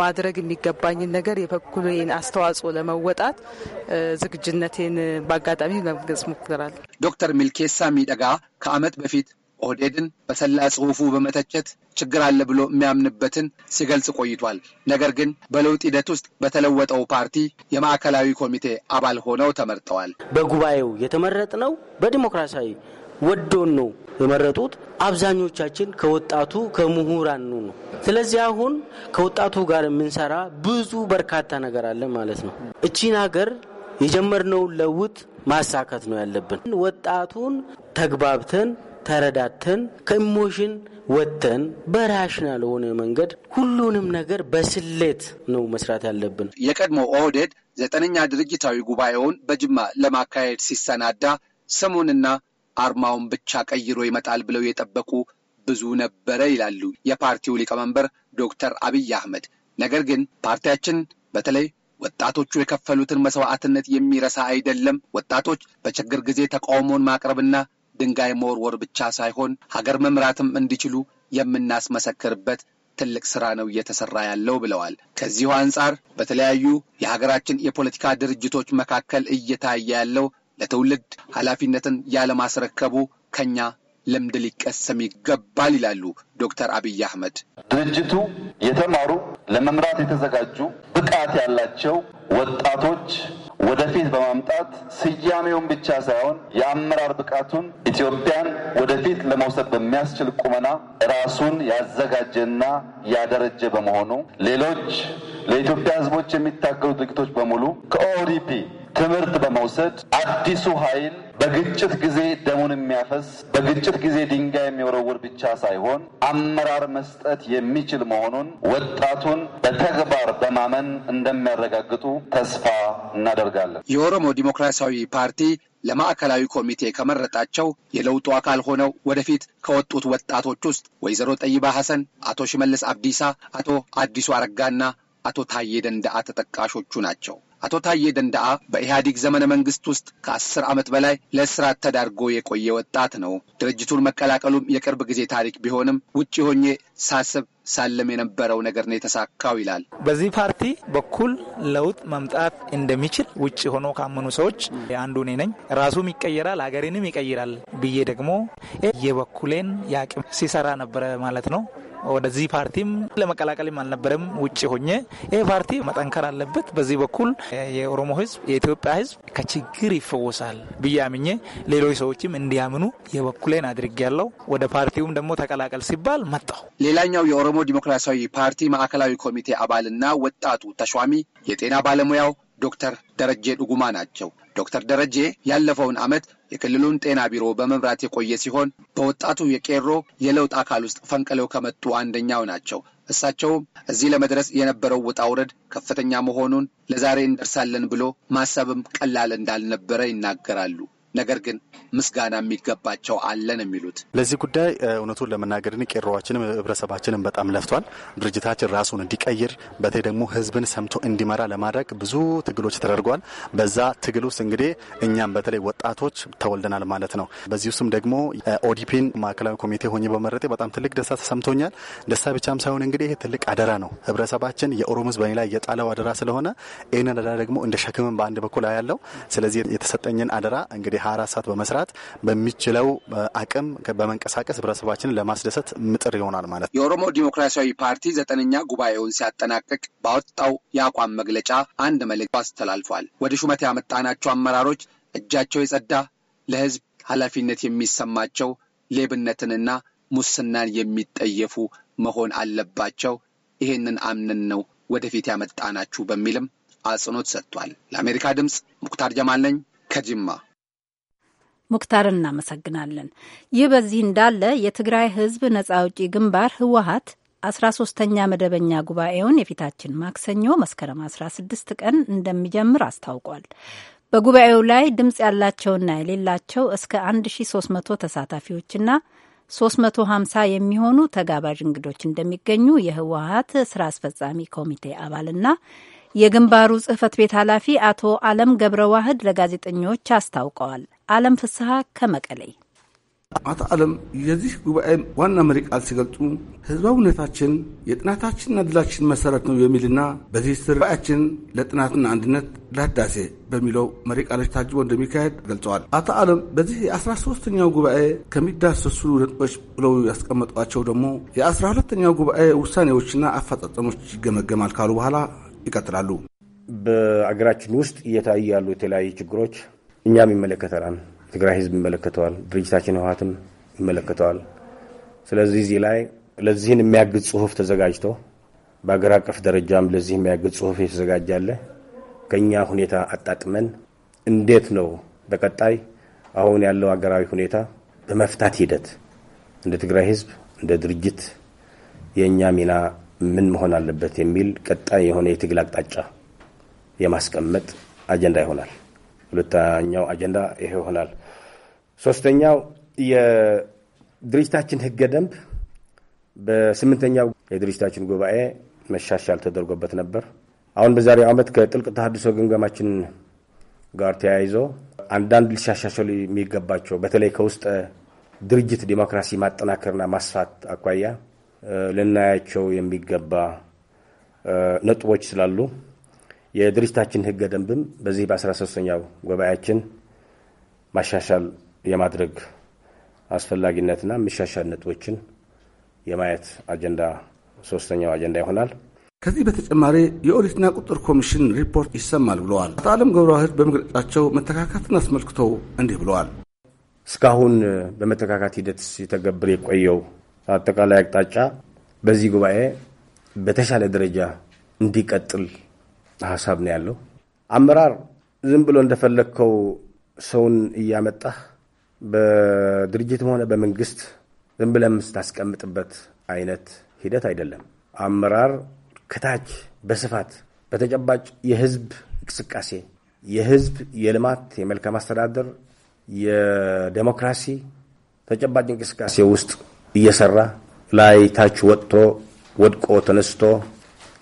ማድረግ የሚገባኝን ነገር የበኩሌን አስተዋጽኦ ለመወጣት ዝግጅነቴን በአጋጣሚ ለመግለጽ ሞክራል። ዶክተር ሚልኬሳ ሚደጋ ከአመት በፊት ኦህዴድን በሰላ ጽሁፉ በመተቸት ችግር አለ ብሎ የሚያምንበትን ሲገልጽ ቆይቷል። ነገር ግን በለውጥ ሂደት ውስጥ በተለወጠው ፓርቲ የማዕከላዊ ኮሚቴ አባል ሆነው ተመርጠዋል። በጉባኤው የተመረጥ ነው በዲሞክራሲያዊ ወዶን ነው የመረጡት። አብዛኞቻችን ከወጣቱ ከምሁራኑ ነው ስለዚህ አሁን ከወጣቱ ጋር የምንሰራ ብዙ በርካታ ነገር አለ ማለት ነው። እቺን ሀገር የጀመርነውን ለውጥ ማሳከት ነው ያለብን። ወጣቱን ተግባብተን ተረዳተን ከኢሞሽን ወጥተን በራሽናል ሆነ መንገድ ሁሉንም ነገር በስሌት ነው መስራት ያለብን። የቀድሞ ኦህዴድ ዘጠነኛ ድርጅታዊ ጉባኤውን በጅማ ለማካሄድ ሲሰናዳ ስሙንና አርማውን ብቻ ቀይሮ ይመጣል ብለው የጠበቁ ብዙ ነበረ ይላሉ የፓርቲው ሊቀመንበር ዶክተር አብይ አህመድ። ነገር ግን ፓርቲያችን በተለይ ወጣቶቹ የከፈሉትን መስዋዕትነት የሚረሳ አይደለም። ወጣቶች በችግር ጊዜ ተቃውሞን ማቅረብና ድንጋይ መወርወር ብቻ ሳይሆን ሀገር መምራትም እንዲችሉ የምናስመሰክርበት ትልቅ ስራ ነው እየተሰራ ያለው ብለዋል። ከዚሁ አንጻር በተለያዩ የሀገራችን የፖለቲካ ድርጅቶች መካከል እየታየ ያለው ለትውልድ ኃላፊነትን ያለማስረከቡ ከኛ ልምድ ሊቀሰም ይገባል ይላሉ ዶክተር አብይ አህመድ። ድርጅቱ የተማሩ ለመምራት የተዘጋጁ ብቃት ያላቸው ወጣቶች ወደፊት በማምጣት ስያሜውን ብቻ ሳይሆን የአመራር ብቃቱን ኢትዮጵያን ወደፊት ለመውሰድ በሚያስችል ቁመና ራሱን ያዘጋጀና ያደረጀ በመሆኑ ሌሎች ለኢትዮጵያ ሕዝቦች የሚታገሉ ድርጅቶች በሙሉ ከኦዲፒ ትምህርት በመውሰድ አዲሱ ኃይል በግጭት ጊዜ ደሙን የሚያፈስ በግጭት ጊዜ ድንጋይ የሚወረውር ብቻ ሳይሆን አመራር መስጠት የሚችል መሆኑን ወጣቱን በተግባር በማመን እንደሚያረጋግጡ ተስፋ እናደርጋለን። የኦሮሞ ዲሞክራሲያዊ ፓርቲ ለማዕከላዊ ኮሚቴ ከመረጣቸው የለውጡ አካል ሆነው ወደፊት ከወጡት ወጣቶች ውስጥ ወይዘሮ ጠይባ ሐሰን፣ አቶ ሽመልስ አብዲሳ፣ አቶ አዲሱ አረጋና አቶ ታዬ ደንዳአ ተጠቃሾቹ ናቸው። አቶ ታዬ ደንዳአ በኢህአዲግ ዘመነ መንግስት ውስጥ ከአስር ዓመት በላይ ለእስራት ተዳርጎ የቆየ ወጣት ነው። ድርጅቱን መቀላቀሉም የቅርብ ጊዜ ታሪክ ቢሆንም ውጭ ሆኜ ሳስብ ሳለም የነበረው ነገር ነው የተሳካው ይላል። በዚህ ፓርቲ በኩል ለውጥ መምጣት እንደሚችል ውጭ ሆኖ ካመኑ ሰዎች አንዱ እኔ ነኝ። ራሱም ይቀይራል፣ ሀገሬንም ይቀይራል ብዬ ደግሞ የበኩሌን የአቅም ሲሰራ ነበረ ማለት ነው። ወደዚህ ፓርቲም ለመቀላቀልም አልነበረም ውጭ ሆኜ ይህ ፓርቲ መጠንከር አለበት። በዚህ በኩል የኦሮሞ ህዝብ የኢትዮጵያ ህዝብ ከችግር ይፈወሳል ብዬ አምኜ ሌሎች ሰዎችም እንዲያምኑ የበኩሌን አድርግ ያለው ወደ ፓርቲውም ደግሞ ተቀላቀል ሲባል መጣሁ። ሌላኛው የኦሮሞ ዲሞክራሲያዊ ፓርቲ ማዕከላዊ ኮሚቴ አባልና ወጣቱ ተሿሚ የጤና ባለሙያው ዶክተር ደረጀ ዱጉማ ናቸው። ዶክተር ደረጀ ያለፈውን ዓመት የክልሉን ጤና ቢሮ በመምራት የቆየ ሲሆን በወጣቱ የቄሮ የለውጥ አካል ውስጥ ፈንቅለው ከመጡ አንደኛው ናቸው። እሳቸውም እዚህ ለመድረስ የነበረው ውጣ ውረድ ከፍተኛ መሆኑን ለዛሬ እንደርሳለን ብሎ ማሰብም ቀላል እንዳልነበረ ይናገራሉ። ነገር ግን ምስጋና የሚገባቸው አለን የሚሉት ለዚህ ጉዳይ እውነቱን ለመናገር ቄሮዋችንም ህብረተሰባችንም በጣም ለፍቷል። ድርጅታችን ራሱን እንዲቀይር በተለይ ደግሞ ህዝብን ሰምቶ እንዲመራ ለማድረግ ብዙ ትግሎች ተደርጓል። በዛ ትግል ውስጥ እንግዲህ እኛም በተለይ ወጣቶች ተወልደናል ማለት ነው። በዚህ ውስጥም ደግሞ ኦዲፒን ማዕከላዊ ኮሚቴ ሆኜ በመረጤ በጣም ትልቅ ደስታ ተሰምቶኛል። ደስታ ብቻም ሳይሆን እንግዲህ ይህ ትልቅ አደራ ነው። ህብረተሰባችን የኦሮሞ ህዝብ በኔ ላይ የጣለው አደራ ስለሆነ ይህንን አደራ ደግሞ እንደ ሸክምን በአንድ በኩል ያለው ስለዚህ የተሰጠኝን አደራ እንግዲህ 24 ሰዓት በመስራት በሚችለው አቅም በመንቀሳቀስ ህብረተሰባችንን ለማስደሰት ምጥር ይሆናል ማለት ነው። የኦሮሞ ዲሞክራሲያዊ ፓርቲ ዘጠነኛ ጉባኤውን ሲያጠናቅቅ ባወጣው የአቋም መግለጫ አንድ መልእክት አስተላልፏል። ወደ ሹመት ያመጣናቸው አመራሮች እጃቸው የጸዳ ለህዝብ ኃላፊነት የሚሰማቸው ሌብነትንና ሙስናን የሚጠየፉ መሆን አለባቸው። ይሄንን አምነን ነው ወደፊት ያመጣናችሁ በሚልም አጽንኦት ሰጥቷል። ለአሜሪካ ድምፅ ሙክታር ጀማል ነኝ ከጅማ። ሙክታር እናመሰግናለን። ይህ በዚህ እንዳለ የትግራይ ህዝብ ነጻ አውጪ ግንባር ህወሀት አስራ ሶስተኛ መደበኛ ጉባኤውን የፊታችን ማክሰኞ መስከረም 16 ቀን እንደሚጀምር አስታውቋል። በጉባኤው ላይ ድምፅ ያላቸውና የሌላቸው እስከ 1300 ተሳታፊዎችና 350 የሚሆኑ ተጋባዥ እንግዶች እንደሚገኙ የህወሀት ስራ አስፈጻሚ ኮሚቴ አባልና የግንባሩ ጽህፈት ቤት ኃላፊ አቶ አለም ገብረ ዋህድ ለጋዜጠኞች አስታውቀዋል። አለም ፍስሀ ከመቀሌ አቶ ዓለም የዚህ ጉባኤ ዋና መሪ ቃል ሲገልጹ ህዝባዊነታችን የጥናታችንና ድላችን መሰረት ነው የሚልና በዚህ ራዕያችን ለጥናትና አንድነት ለህዳሴ በሚለው መሪ ቃሎች ታጅቦ እንደሚካሄድ ገልጸዋል። አቶ ዓለም በዚህ የ 13 ጉባኤ ከሚዳሰሱ ነጥቦች ብለው ያስቀመጧቸው ደግሞ የ 12 ጉባኤ ውሳኔዎችና አፈጻጸሞች ይገመገማል ካሉ በኋላ ይቀጥላሉ። በአገራችን ውስጥ እየታዩ ያሉ የተለያዩ ችግሮች እኛም ይመለከተናል። ትግራይ ህዝብ ይመለከተዋል። ድርጅታችን ህወሓትም ይመለከተዋል። ስለዚህ እዚህ ላይ ለዚህን የሚያግዝ ጽሁፍ ተዘጋጅቶ በአገር አቀፍ ደረጃም ለዚህ የሚያግዝ ጽሁፍ የተዘጋጃለ ከእኛ ሁኔታ አጣጥመን እንዴት ነው በቀጣይ አሁን ያለው አገራዊ ሁኔታ በመፍታት ሂደት እንደ ትግራይ ህዝብ እንደ ድርጅት የእኛ ሚና ምን መሆን አለበት የሚል ቀጣይ የሆነ የትግል አቅጣጫ የማስቀመጥ አጀንዳ ይሆናል። ሁለተኛው አጀንዳ ይሄ ይሆናል። ሶስተኛው የድርጅታችን ህገ ደንብ በስምንተኛው የድርጅታችን ጉባኤ መሻሻል ተደርጎበት ነበር። አሁን በዛሬው ዓመት ከጥልቅ ተሃድሶ ግምገማችን ጋር ተያይዞ አንዳንድ ሊሻሻሉ የሚገባቸው በተለይ ከውስጥ ድርጅት ዲሞክራሲ ማጠናከርና ማስፋት አኳያ ልናያቸው የሚገባ ነጥቦች ስላሉ የድርጅታችን ህገ ደንብም በዚህ በ13ኛው ጉባኤያችን ማሻሻል የማድረግ አስፈላጊነትና የሚሻሻል ነጥቦችን የማየት አጀንዳ ሶስተኛው አጀንዳ ይሆናል። ከዚህ በተጨማሪ የኦዲትና ቁጥር ኮሚሽን ሪፖርት ይሰማል ብለዋል። አቶ አለም ገብረዋህድ በመግለጫቸው መተካካትን አስመልክተው እንዲህ ብለዋል። እስካሁን በመተካካት ሂደት ሲተገብር የቆየው አጠቃላይ አቅጣጫ በዚህ ጉባኤ በተሻለ ደረጃ እንዲቀጥል ሀሳብ ነው ያለው። አመራር ዝም ብሎ እንደፈለግከው ሰውን እያመጣህ በድርጅትም ሆነ በመንግስት ዝም ብለህ የምታስቀምጥበት አይነት ሂደት አይደለም። አመራር ከታች በስፋት በተጨባጭ የህዝብ እንቅስቃሴ፣ የህዝብ የልማት፣ የመልካም አስተዳደር፣ የዴሞክራሲ ተጨባጭ እንቅስቃሴ ውስጥ እየሰራ ላይ ታች ወጥቶ ወድቆ ተነስቶ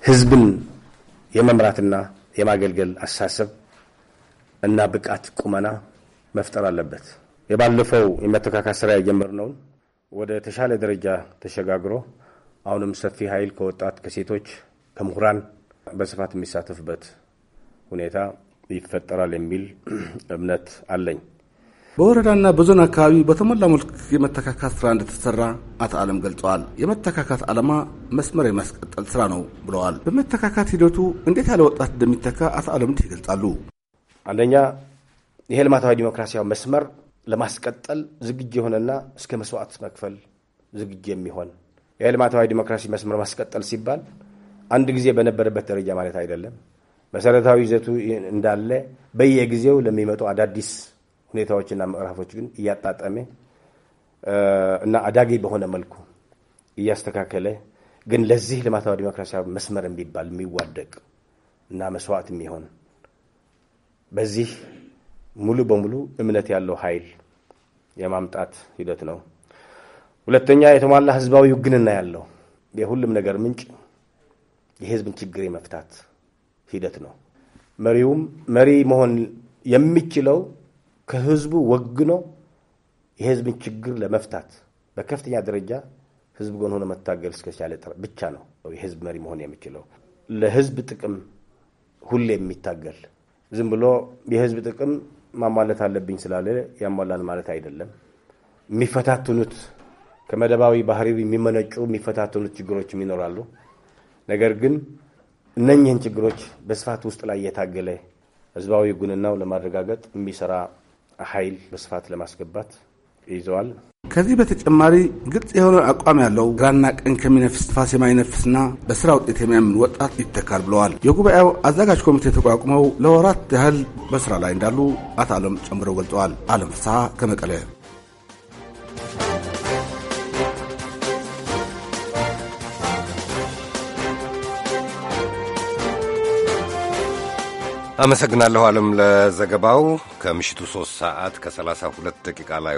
ህዝብን የመምራትና የማገልገል አስተሳሰብ እና ብቃት ቁመና መፍጠር አለበት። የባለፈው የመተካካት ስራ የጀመርነውን ወደ ተሻለ ደረጃ ተሸጋግሮ አሁንም ሰፊ ኃይል ከወጣት ከሴቶች፣ ከምሁራን በስፋት የሚሳተፍበት ሁኔታ ይፈጠራል የሚል እምነት አለኝ። በወረዳና በዞን አካባቢ በተሞላ መልክ የመተካካት ስራ እንደተሰራ አቶ አለም ገልጸዋል። የመተካካት ዓላማ መስመር የማስቀጠል ስራ ነው ብለዋል። በመተካካት ሂደቱ እንዴት ያለ ወጣት እንደሚተካ አቶ አለም እንዲህ ይገልጻሉ። አንደኛ ይሄ ልማታዊ ዲሞክራሲያዊ መስመር ለማስቀጠል ዝግጅ የሆነና እስከ መስዋዕት መክፈል ዝግጅ የሚሆን ይሄ ልማታዊ ዲሞክራሲ መስመር ማስቀጠል ሲባል አንድ ጊዜ በነበረበት ደረጃ ማለት አይደለም። መሰረታዊ ይዘቱ እንዳለ በየጊዜው ለሚመጡ አዳዲስ ሁኔታዎችና ምዕራፎች ግን እያጣጠመ እና አዳጊ በሆነ መልኩ እያስተካከለ ግን ለዚህ ልማታዊ ዲሞክራሲያዊ መስመር የሚባል የሚዋደቅ እና መስዋዕት የሚሆን በዚህ ሙሉ በሙሉ እምነት ያለው ኃይል የማምጣት ሂደት ነው። ሁለተኛ የተሟላ ህዝባዊ ውግንና ያለው የሁሉም ነገር ምንጭ የህዝብን ችግር የመፍታት ሂደት ነው። መሪውም መሪ መሆን የሚችለው ከህዝቡ ወግኖ የህዝብን ችግር ለመፍታት በከፍተኛ ደረጃ ህዝብ ጎን ሆኖ መታገል እስከቻለ ብቻ ነው የህዝብ መሪ መሆን የሚችለው። ለህዝብ ጥቅም ሁሌ የሚታገል ዝም ብሎ የህዝብ ጥቅም ማሟለት አለብኝ ስላለ ያሟላን ማለት አይደለም። የሚፈታትኑት ከመደባዊ ባህሪ የሚመነጩ የሚፈታትኑት ችግሮችም ይኖራሉ። ነገር ግን እነኝህን ችግሮች በስፋት ውስጥ ላይ የታገለ ህዝባዊ ጉንናው ለማረጋገጥ የሚሰራ ኃይል በስፋት ለማስገባት ይዘዋል። ከዚህ በተጨማሪ ግልጽ የሆነ አቋም ያለው ግራና ቀኝ ከሚነፍስ ንፋስ የማይነፍስና በስራ ውጤት የሚያምን ወጣት ይተካል ብለዋል። የጉባኤው አዘጋጅ ኮሚቴ ተቋቁመው ለወራት ያህል በስራ ላይ እንዳሉ አቶ አለም ጨምረው ገልጠዋል። አለም ፍስሐ ከመቀለ አመሰግናለሁ አለም ለዘገባው። ከምሽቱ 3 ሰዓት ከ32 ደቂቃ ላይ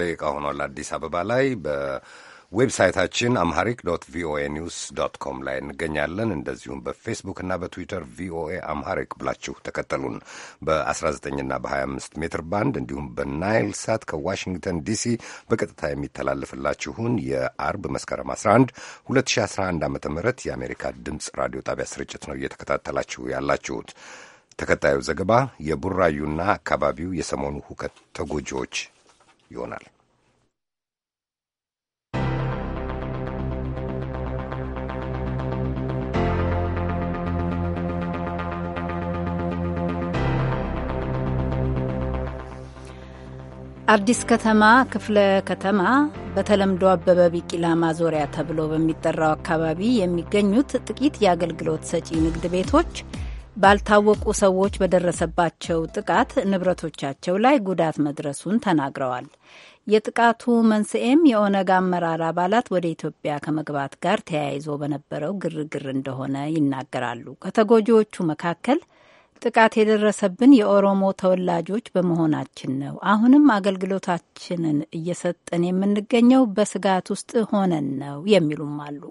ደቂቃ ሆኗል አዲስ አበባ ላይ። በዌብሳይታችን አምሃሪክ ዶት ቪኦኤ ኒውስ ዶት ኮም ላይ እንገኛለን። እንደዚሁም በፌስቡክ እና በትዊተር ቪኦኤ አምሃሪክ ብላችሁ ተከተሉን። በ19ና በ25 ሜትር ባንድ እንዲሁም በናይል ሳት ከዋሽንግተን ዲሲ በቀጥታ የሚተላለፍላችሁን የአርብ መስከረም 11 2011 ዓ ም የአሜሪካ ድምፅ ራዲዮ ጣቢያ ስርጭት ነው እየተከታተላችሁ ያላችሁት። ተከታዩ ዘገባ የቡራዩና አካባቢው የሰሞኑ ሁከት ተጎጂዎች ይሆናል። አዲስ ከተማ ክፍለ ከተማ በተለምዶ አበበ ቢቂላ ማዞሪያ ተብሎ በሚጠራው አካባቢ የሚገኙት ጥቂት የአገልግሎት ሰጪ ንግድ ቤቶች ባልታወቁ ሰዎች በደረሰባቸው ጥቃት ንብረቶቻቸው ላይ ጉዳት መድረሱን ተናግረዋል። የጥቃቱ መንስኤም የኦነግ አመራር አባላት ወደ ኢትዮጵያ ከመግባት ጋር ተያይዞ በነበረው ግርግር እንደሆነ ይናገራሉ። ከተጎጂዎቹ መካከል ጥቃት የደረሰብን የኦሮሞ ተወላጆች በመሆናችን ነው። አሁንም አገልግሎታችንን እየሰጠን የምንገኘው በስጋት ውስጥ ሆነን ነው የሚሉም አሉ።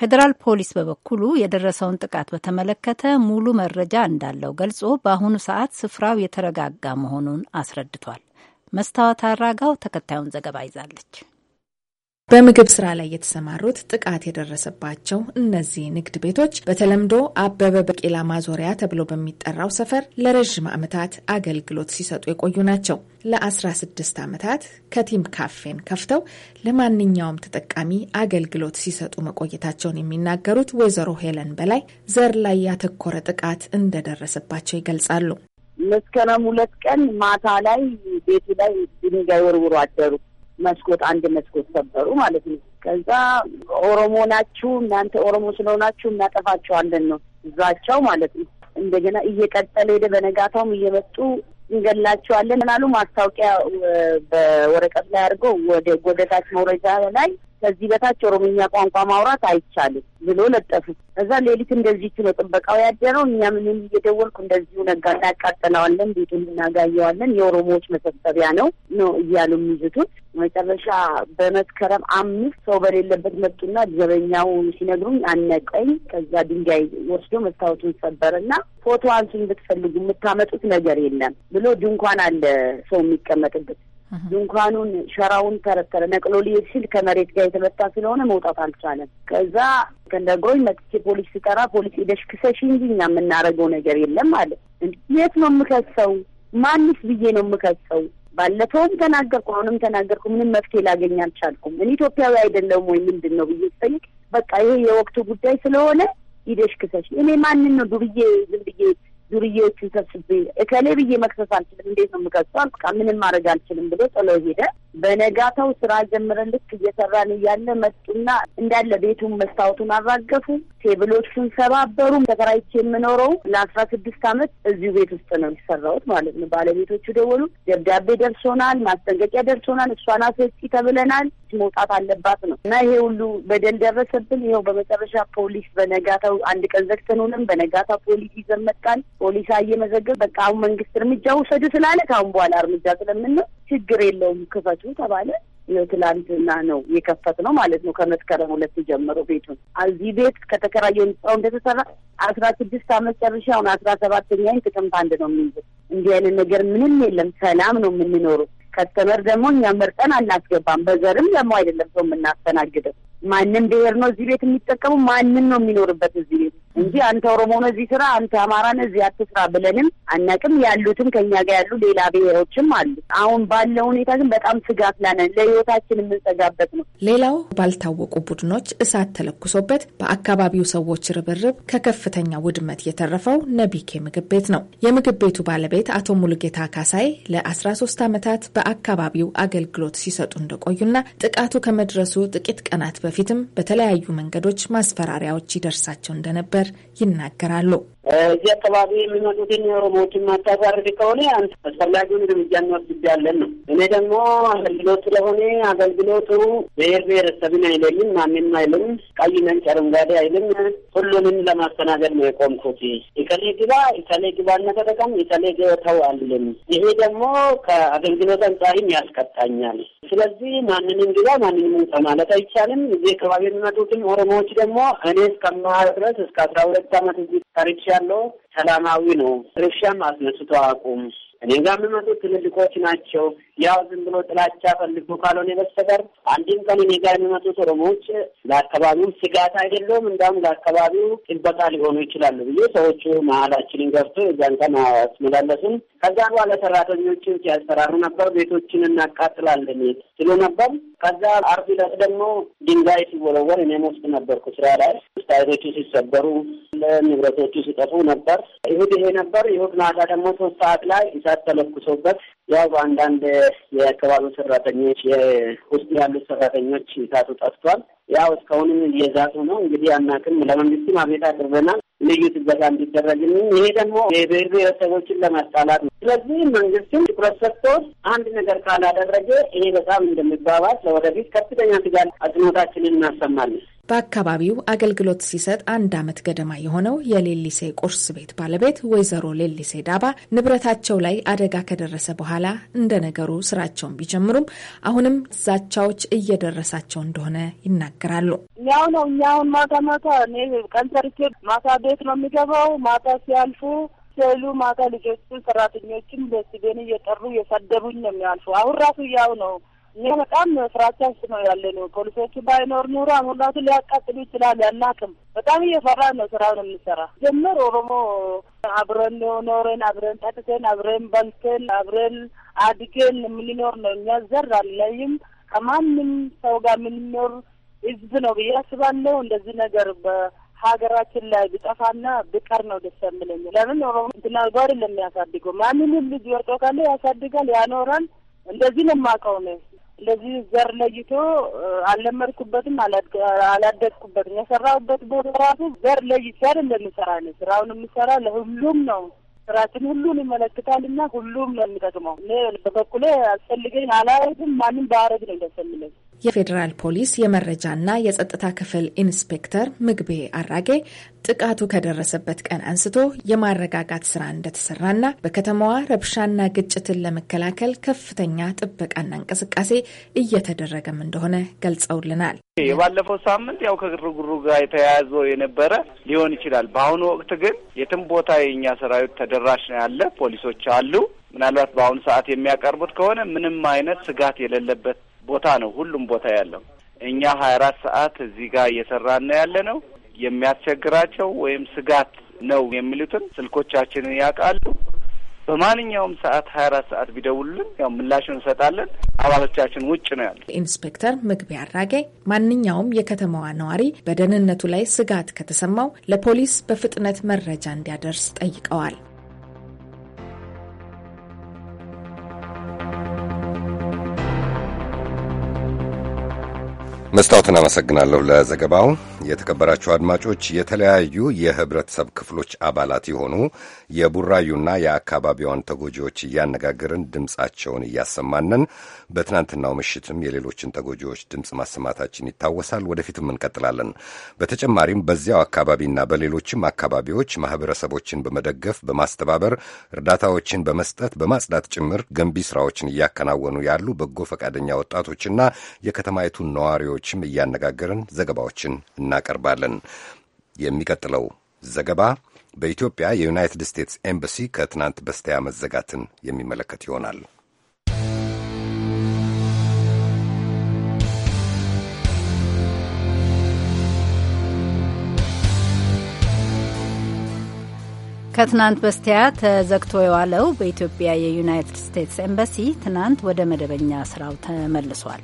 ፌዴራል ፖሊስ በበኩሉ የደረሰውን ጥቃት በተመለከተ ሙሉ መረጃ እንዳለው ገልጾ በአሁኑ ሰዓት ስፍራው የተረጋጋ መሆኑን አስረድቷል። መስታወት አራጋው ተከታዩን ዘገባ ይዛለች። በምግብ ስራ ላይ የተሰማሩት ጥቃት የደረሰባቸው እነዚህ ንግድ ቤቶች በተለምዶ አበበ በቂላ ማዞሪያ ተብሎ በሚጠራው ሰፈር ለረዥም ዓመታት አገልግሎት ሲሰጡ የቆዩ ናቸው። ለ16 ዓመታት ከቲም ካፌን ከፍተው ለማንኛውም ተጠቃሚ አገልግሎት ሲሰጡ መቆየታቸውን የሚናገሩት ወይዘሮ ሄለን በላይ ዘር ላይ ያተኮረ ጥቃት እንደደረሰባቸው ይገልጻሉ። መስከረም ሁለት ቀን ማታ ላይ ቤቱ ላይ ድንጋይ ወርውሮ አደሩ። መስኮት አንድ መስኮት ሰበሩ ማለት ነው። ከዛ ኦሮሞ ናችሁ እናንተ ኦሮሞ ስለሆናችሁ እናጠፋቸዋለን ነው እዛቸው ማለት ነው። እንደገና እየቀጠለ ሄደ። በነጋታውም እየመጡ እንገላቸዋለን ምናሉ ማስታወቂያ በወረቀት ላይ አድርገው ወደ ወደታች መውረጃ ላይ ከዚህ በታች ኦሮምኛ ቋንቋ ማውራት አይቻልም ብሎ ለጠፉ። ከዛ ሌሊት እንደዚህ ነው ጥበቃው ያደረው። እኛ ምንም እየደወልኩ እንደዚሁ ነጋ እናቃጠለዋለን፣ ቤቱን እናጋየዋለን፣ የኦሮሞዎች መሰብሰቢያ ነው ነው እያሉ የሚዝቱት። መጨረሻ በመስከረም አምስት ሰው በሌለበት መጡና ዘበኛው ሲነግሩኝ አነቀኝ። ከዛ ድንጋይ ወስዶ መስታወቱን ሰበርና ፎቶ አንሱን ብትፈልጉ የምታመጡት ነገር የለም ብሎ ድንኳን አለ ሰው የሚቀመጥበት ድንኳኑን ሸራውን ተረተረ ነቅሎ ሊሄድ ሲል ከመሬት ጋር የተመታ ስለሆነ መውጣት አልቻለም። ከዛ ከነግሮኝ መጥቼ ፖሊስ ሲጠራ ፖሊስ ሄደሽ ክሰሽ እንጂ እኛ የምናደርገው ነገር የለም አለ። የት ነው የምከሰው? ማንስ ብዬ ነው የምከሰው? ባለፈውም ተናገርኩ፣ አሁንም ተናገርኩ። ምንም መፍትሄ ላገኝ አልቻልኩም። እኔ ኢትዮጵያዊ አይደለም ወይ ምንድን ነው ብዬ ስጠይቅ በቃ ይሄ የወቅቱ ጉዳይ ስለሆነ ሂደሽ ክሰሽ። እኔ ማንን ነው ዱብዬ ዝም ብዬ ዱርዬዎቹን ሰብስቤ እከሌ ብዬ መክሰስ አልችልም። እንዴት ነው የምከሰው? ምንም ማድረግ አልችልም ብሎ ጥሎ ሄደ። በነጋታው ስራ ጀምረን ልክ እየሰራን እያለ መጡና እንዳለ ቤቱን መስታወቱን አራገፉ፣ ቴብሎቹን ሰባበሩ። ተከራይቼ የምኖረው ለአስራ ስድስት አመት እዚሁ ቤት ውስጥ ነው የሚሰራውት ማለት ነው። ባለቤቶቹ ደወሉ፣ ደብዳቤ ደርሶናል፣ ማስጠንቀቂያ ደርሶናል፣ እሷን አስወጪ ተብለናል፣ መውጣት አለባት ነው እና ይሄ ሁሉ በደል ደረሰብን። ይኸው በመጨረሻ ፖሊስ በነጋታው አንድ ቀን ዘግተንሆንም በነጋታው ፖሊስ ይዘን መጣል። ፖሊስ አየመዘገብ በቃ አሁን መንግስት እርምጃ ውሰዱ ስላለ ከአሁን በኋላ እርምጃ ስለምን ነው ችግር የለውም ክፈቱ ተባለ። ትላንትና ነው የከፈት ነው ማለት ነው። ከመስከረም ሁለት ጀምሮ ቤቱን እዚህ ቤት ከተከራየ ህንጻው እንደተሰራ አስራ ስድስት አመት ጨርሼ አሁን አስራ ሰባተኛኝ ጥቅምት አንድ ነው የሚይዘው። እንዲህ አይነት ነገር ምንም የለም። ሰላም ነው የምንኖሩ። ከስተመር ደግሞ እኛ መርጠን አናስገባም። በዘርም ደግሞ አይደለም ሰው የምናስተናግደው ማንም ብሔር ነው እዚህ ቤት የሚጠቀሙ ማንም ነው የሚኖርበት እዚህ ቤት እንጂ አንተ ኦሮሞ ነው እዚህ ስራ፣ አንተ አማራ ነው እዚህ አትስራ ብለንም አናቅም። ያሉትም ከኛ ጋር ያሉ ሌላ ብሔሮችም አሉ። አሁን ባለው ሁኔታ ግን በጣም ስጋት ላነን ለህይወታችን የምንሰጋበት ነው። ሌላው ባልታወቁ ቡድኖች እሳት ተለኩሶበት በአካባቢው ሰዎች ርብርብ ከከፍተኛ ውድመት የተረፈው ነቢኬ ምግብ ቤት ነው። የምግብ ቤቱ ባለቤት አቶ ሙሉጌታ ካሳይ ለአስራ ሶስት አመታት በአካባቢው አገልግሎት ሲሰጡ እንደቆዩና ጥቃቱ ከመድረሱ ጥቂት ቀናት በፊትም በተለያዩ መንገዶች ማስፈራሪያዎች ይደርሳቸው እንደነበር ይናገራሉ። እዚህ አካባቢ የሚመጡትን ኦሮሞዎች ማታባረድ ከሆነ አስፈላጊውን እርምጃ እንወስድብያለን ነው። እኔ ደግሞ አገልግሎት ስለሆነ አገልግሎቱ ብሔር ብሔረሰብን አይለኝም፣ ማንም አይለም፣ ቀይ ነን አረንጓዴ አይለም። ሁሉንም ለማስተናገድ ነው የቆምኩት። እከሌ ግባ እከሌ ግባ ተጠቀም እከሌ ገወተው አልልም። ይሄ ደግሞ ከአገልግሎት አንጻሪም ያስቀጣኛል። ስለዚህ ማንንም ግባ ማንንም ውጣ ማለት አይቻልም። እዚህ አካባቢ የሚመጡትን ኦሮሞዎች ደግሞ እኔ እስከማህ ድረስ እስከ አስራ ሁለት አመት እዚህ ታሪቻ ያለው ሰላማዊ ነው። ርሻም አስነስቶ አቁም እኔ ጋር የሚመጡት ትልልቆች ናቸው። ያው ዝም ብሎ ጥላቻ ፈልጎ ካልሆነ በስተቀር አንድም ቀን እኔ ጋር የሚመጡት ኦሮሞዎች ለአካባቢው ስጋት አይደለም፣ እንዳውም ለአካባቢው ጥበቃ ሊሆኑ ይችላሉ ብዬ ሰዎቹ መሀላችንን ገብቶ እዛን ቀን አስመላለሱን። ከዛ በኋላ ሰራተኞችን ሲያስፈራሩ ነበር። ቤቶችን እናቃጥላለን ሲሉ ነበር። ከዛ አርብ ዕለት ደግሞ ድንጋይ ሲወረወር እኔም ውስጥ ነበርኩ ስራ ላይ። ስታይቶቹ ሲሰበሩ፣ ንብረቶቹ ሲጠፉ ነበር። ይሁድ ይሄ ነበር። ይሁድ ማታ ደግሞ ሶስት ሰዓት ላይ እሳት ተለኩሶበት ያው አንዳንድ የአካባቢ ሰራተኞች ውስጥ ያሉት ሰራተኞች እሳቱ ጠፍቷል። ያው እስካሁንም እየዛቱ ነው። እንግዲህ አናውቅም። ለመንግስትም አቤት አቅርበናል ልዩ ትበታ እንዲደረግልን። ይሄ ደግሞ የብሔር ብሔረሰቦችን ለማጣላት ነው። ስለዚህ መንግስትም ትኩረት ሰጥቶት አንድ ነገር ካላደረገ ይሄ በጣም እንደሚባባስ ለወደፊት ከፍተኛ ስጋት አጽንኦታችንን እናሰማለን። በአካባቢው አገልግሎት ሲሰጥ አንድ ዓመት ገደማ የሆነው የሌሊሴ ቁርስ ቤት ባለቤት ወይዘሮ ሌሊሴ ዳባ ንብረታቸው ላይ አደጋ ከደረሰ በኋላ እንደነገሩ ስራቸውን ቢጀምሩም አሁንም ዛቻዎች እየደረሳቸው እንደሆነ ይናገራሉ። ያው ነው እኛ አሁን ማታ ማታ እኔ ቀን ሰርቼ ማታ ቤት ነው የሚገባው። ማታ ሲያልፉ ሲሉ ማታ ልጆችን ሰራተኞችም ደስቤን እየጠሩ እየሰደቡኝ ነው የሚያልፉ። አሁን ራሱ ያው ነው እኛ በጣም ፍራቻ ውስጥ ነው ያለ ነው። ፖሊሶቹ ባይኖር ኑሮ አሞላቱ ሊያቃጥሉ ይችላል። ያናክም በጣም እየፈራ ነው ስራውን የምንሰራ ጀምር ኦሮሞ አብረን ኖረን አብረን ጠጥተን አብረን በልተን አብረን አድገን የምንኖር ነው። እኛ ዘር አለይም ከማንም ሰው ጋር የምንኖር ህዝብ ነው ብዬ አስባለሁ። እንደዚህ ነገር በሀገራችን ላይ ብጠፋና ብቀር ነው ደስ የምለኝ። ለምን ኦሮሞ እንትና ጋር ለሚያሳድገው ማንንም ልጅ ወርጦ ካለ ያሳድጋል፣ ያኖራል። እንደዚህ ነው የማውቀው ነው ለዚህ ዘር ለይቶ አልለመድኩበትም፣ አላደግኩበትም። የሰራሁበት ቦታ ራሱ ዘር ለይቼ እንደምሰራ ነው። ስራውን የምሰራ ለሁሉም ነው። ስራችን ሁሉን ይመለከታል እና ሁሉም ነው የሚጠቅመው። በበኩሌ አስፈልገኝ አላየትም ማንም ባረግ ነው ደስ የሚለኝ። የፌዴራል ፖሊስ የመረጃና የጸጥታ ክፍል ኢንስፔክተር ምግቤ አራጌ ጥቃቱ ከደረሰበት ቀን አንስቶ የማረጋጋት ስራ እንደተሰራና በከተማዋ ረብሻና ግጭትን ለመከላከል ከፍተኛ ጥበቃና እንቅስቃሴ እየተደረገም እንደሆነ ገልጸውልናል። የባለፈው ሳምንት ያው ከግርግሩ ጋር የተያያዘ የነበረ ሊሆን ይችላል። በአሁኑ ወቅት ግን የትም ቦታ የእኛ ሰራዊት ተደራሽ ነው ያለ ፖሊሶች አሉ። ምናልባት በአሁኑ ሰዓት የሚያቀርቡት ከሆነ ምንም አይነት ስጋት የሌለበት ቦታ ነው ሁሉም ቦታ ያለው። እኛ ሀያ አራት ሰዓት እዚህ ጋር እየሰራን ነው ያለ ነው። የሚያስቸግራቸው ወይም ስጋት ነው የሚሉትን ስልኮቻችንን ያውቃሉ። በማንኛውም ሰዓት ሀያ አራት ሰዓት ቢደውሉልን ያው ምላሽ እንሰጣለን። አባሎቻችን ውጭ ነው ያሉ ኢንስፔክተር ምግቢያ አራጌ ማንኛውም የከተማዋ ነዋሪ በደህንነቱ ላይ ስጋት ከተሰማው ለፖሊስ በፍጥነት መረጃ እንዲያደርስ ጠይቀዋል። መስታወትን አመሰግናለሁ ለዘገባው። የተከበራችሁ አድማጮች የተለያዩ የህብረተሰብ ክፍሎች አባላት የሆኑ የቡራዩና የአካባቢዋን ተጎጂዎች እያነጋገርን ድምፃቸውን እያሰማንን በትናንትናው ምሽትም የሌሎችን ተጎጂዎች ድምፅ ማሰማታችን ይታወሳል። ወደፊትም እንቀጥላለን። በተጨማሪም በዚያው አካባቢና በሌሎችም አካባቢዎች ማህበረሰቦችን በመደገፍ በማስተባበር እርዳታዎችን በመስጠት በማጽዳት ጭምር ገንቢ ስራዎችን እያከናወኑ ያሉ በጎ ፈቃደኛ ወጣቶችና የከተማይቱን ነዋሪዎችም እያነጋገርን ዘገባዎችን እና እናቀርባለን። የሚቀጥለው ዘገባ በኢትዮጵያ የዩናይትድ ስቴትስ ኤምባሲ ከትናንት በስቲያ መዘጋትን የሚመለከት ይሆናል። ከትናንት በስቲያ ተዘግቶ የዋለው በኢትዮጵያ የዩናይትድ ስቴትስ ኤምባሲ ትናንት ወደ መደበኛ ስራው ተመልሷል።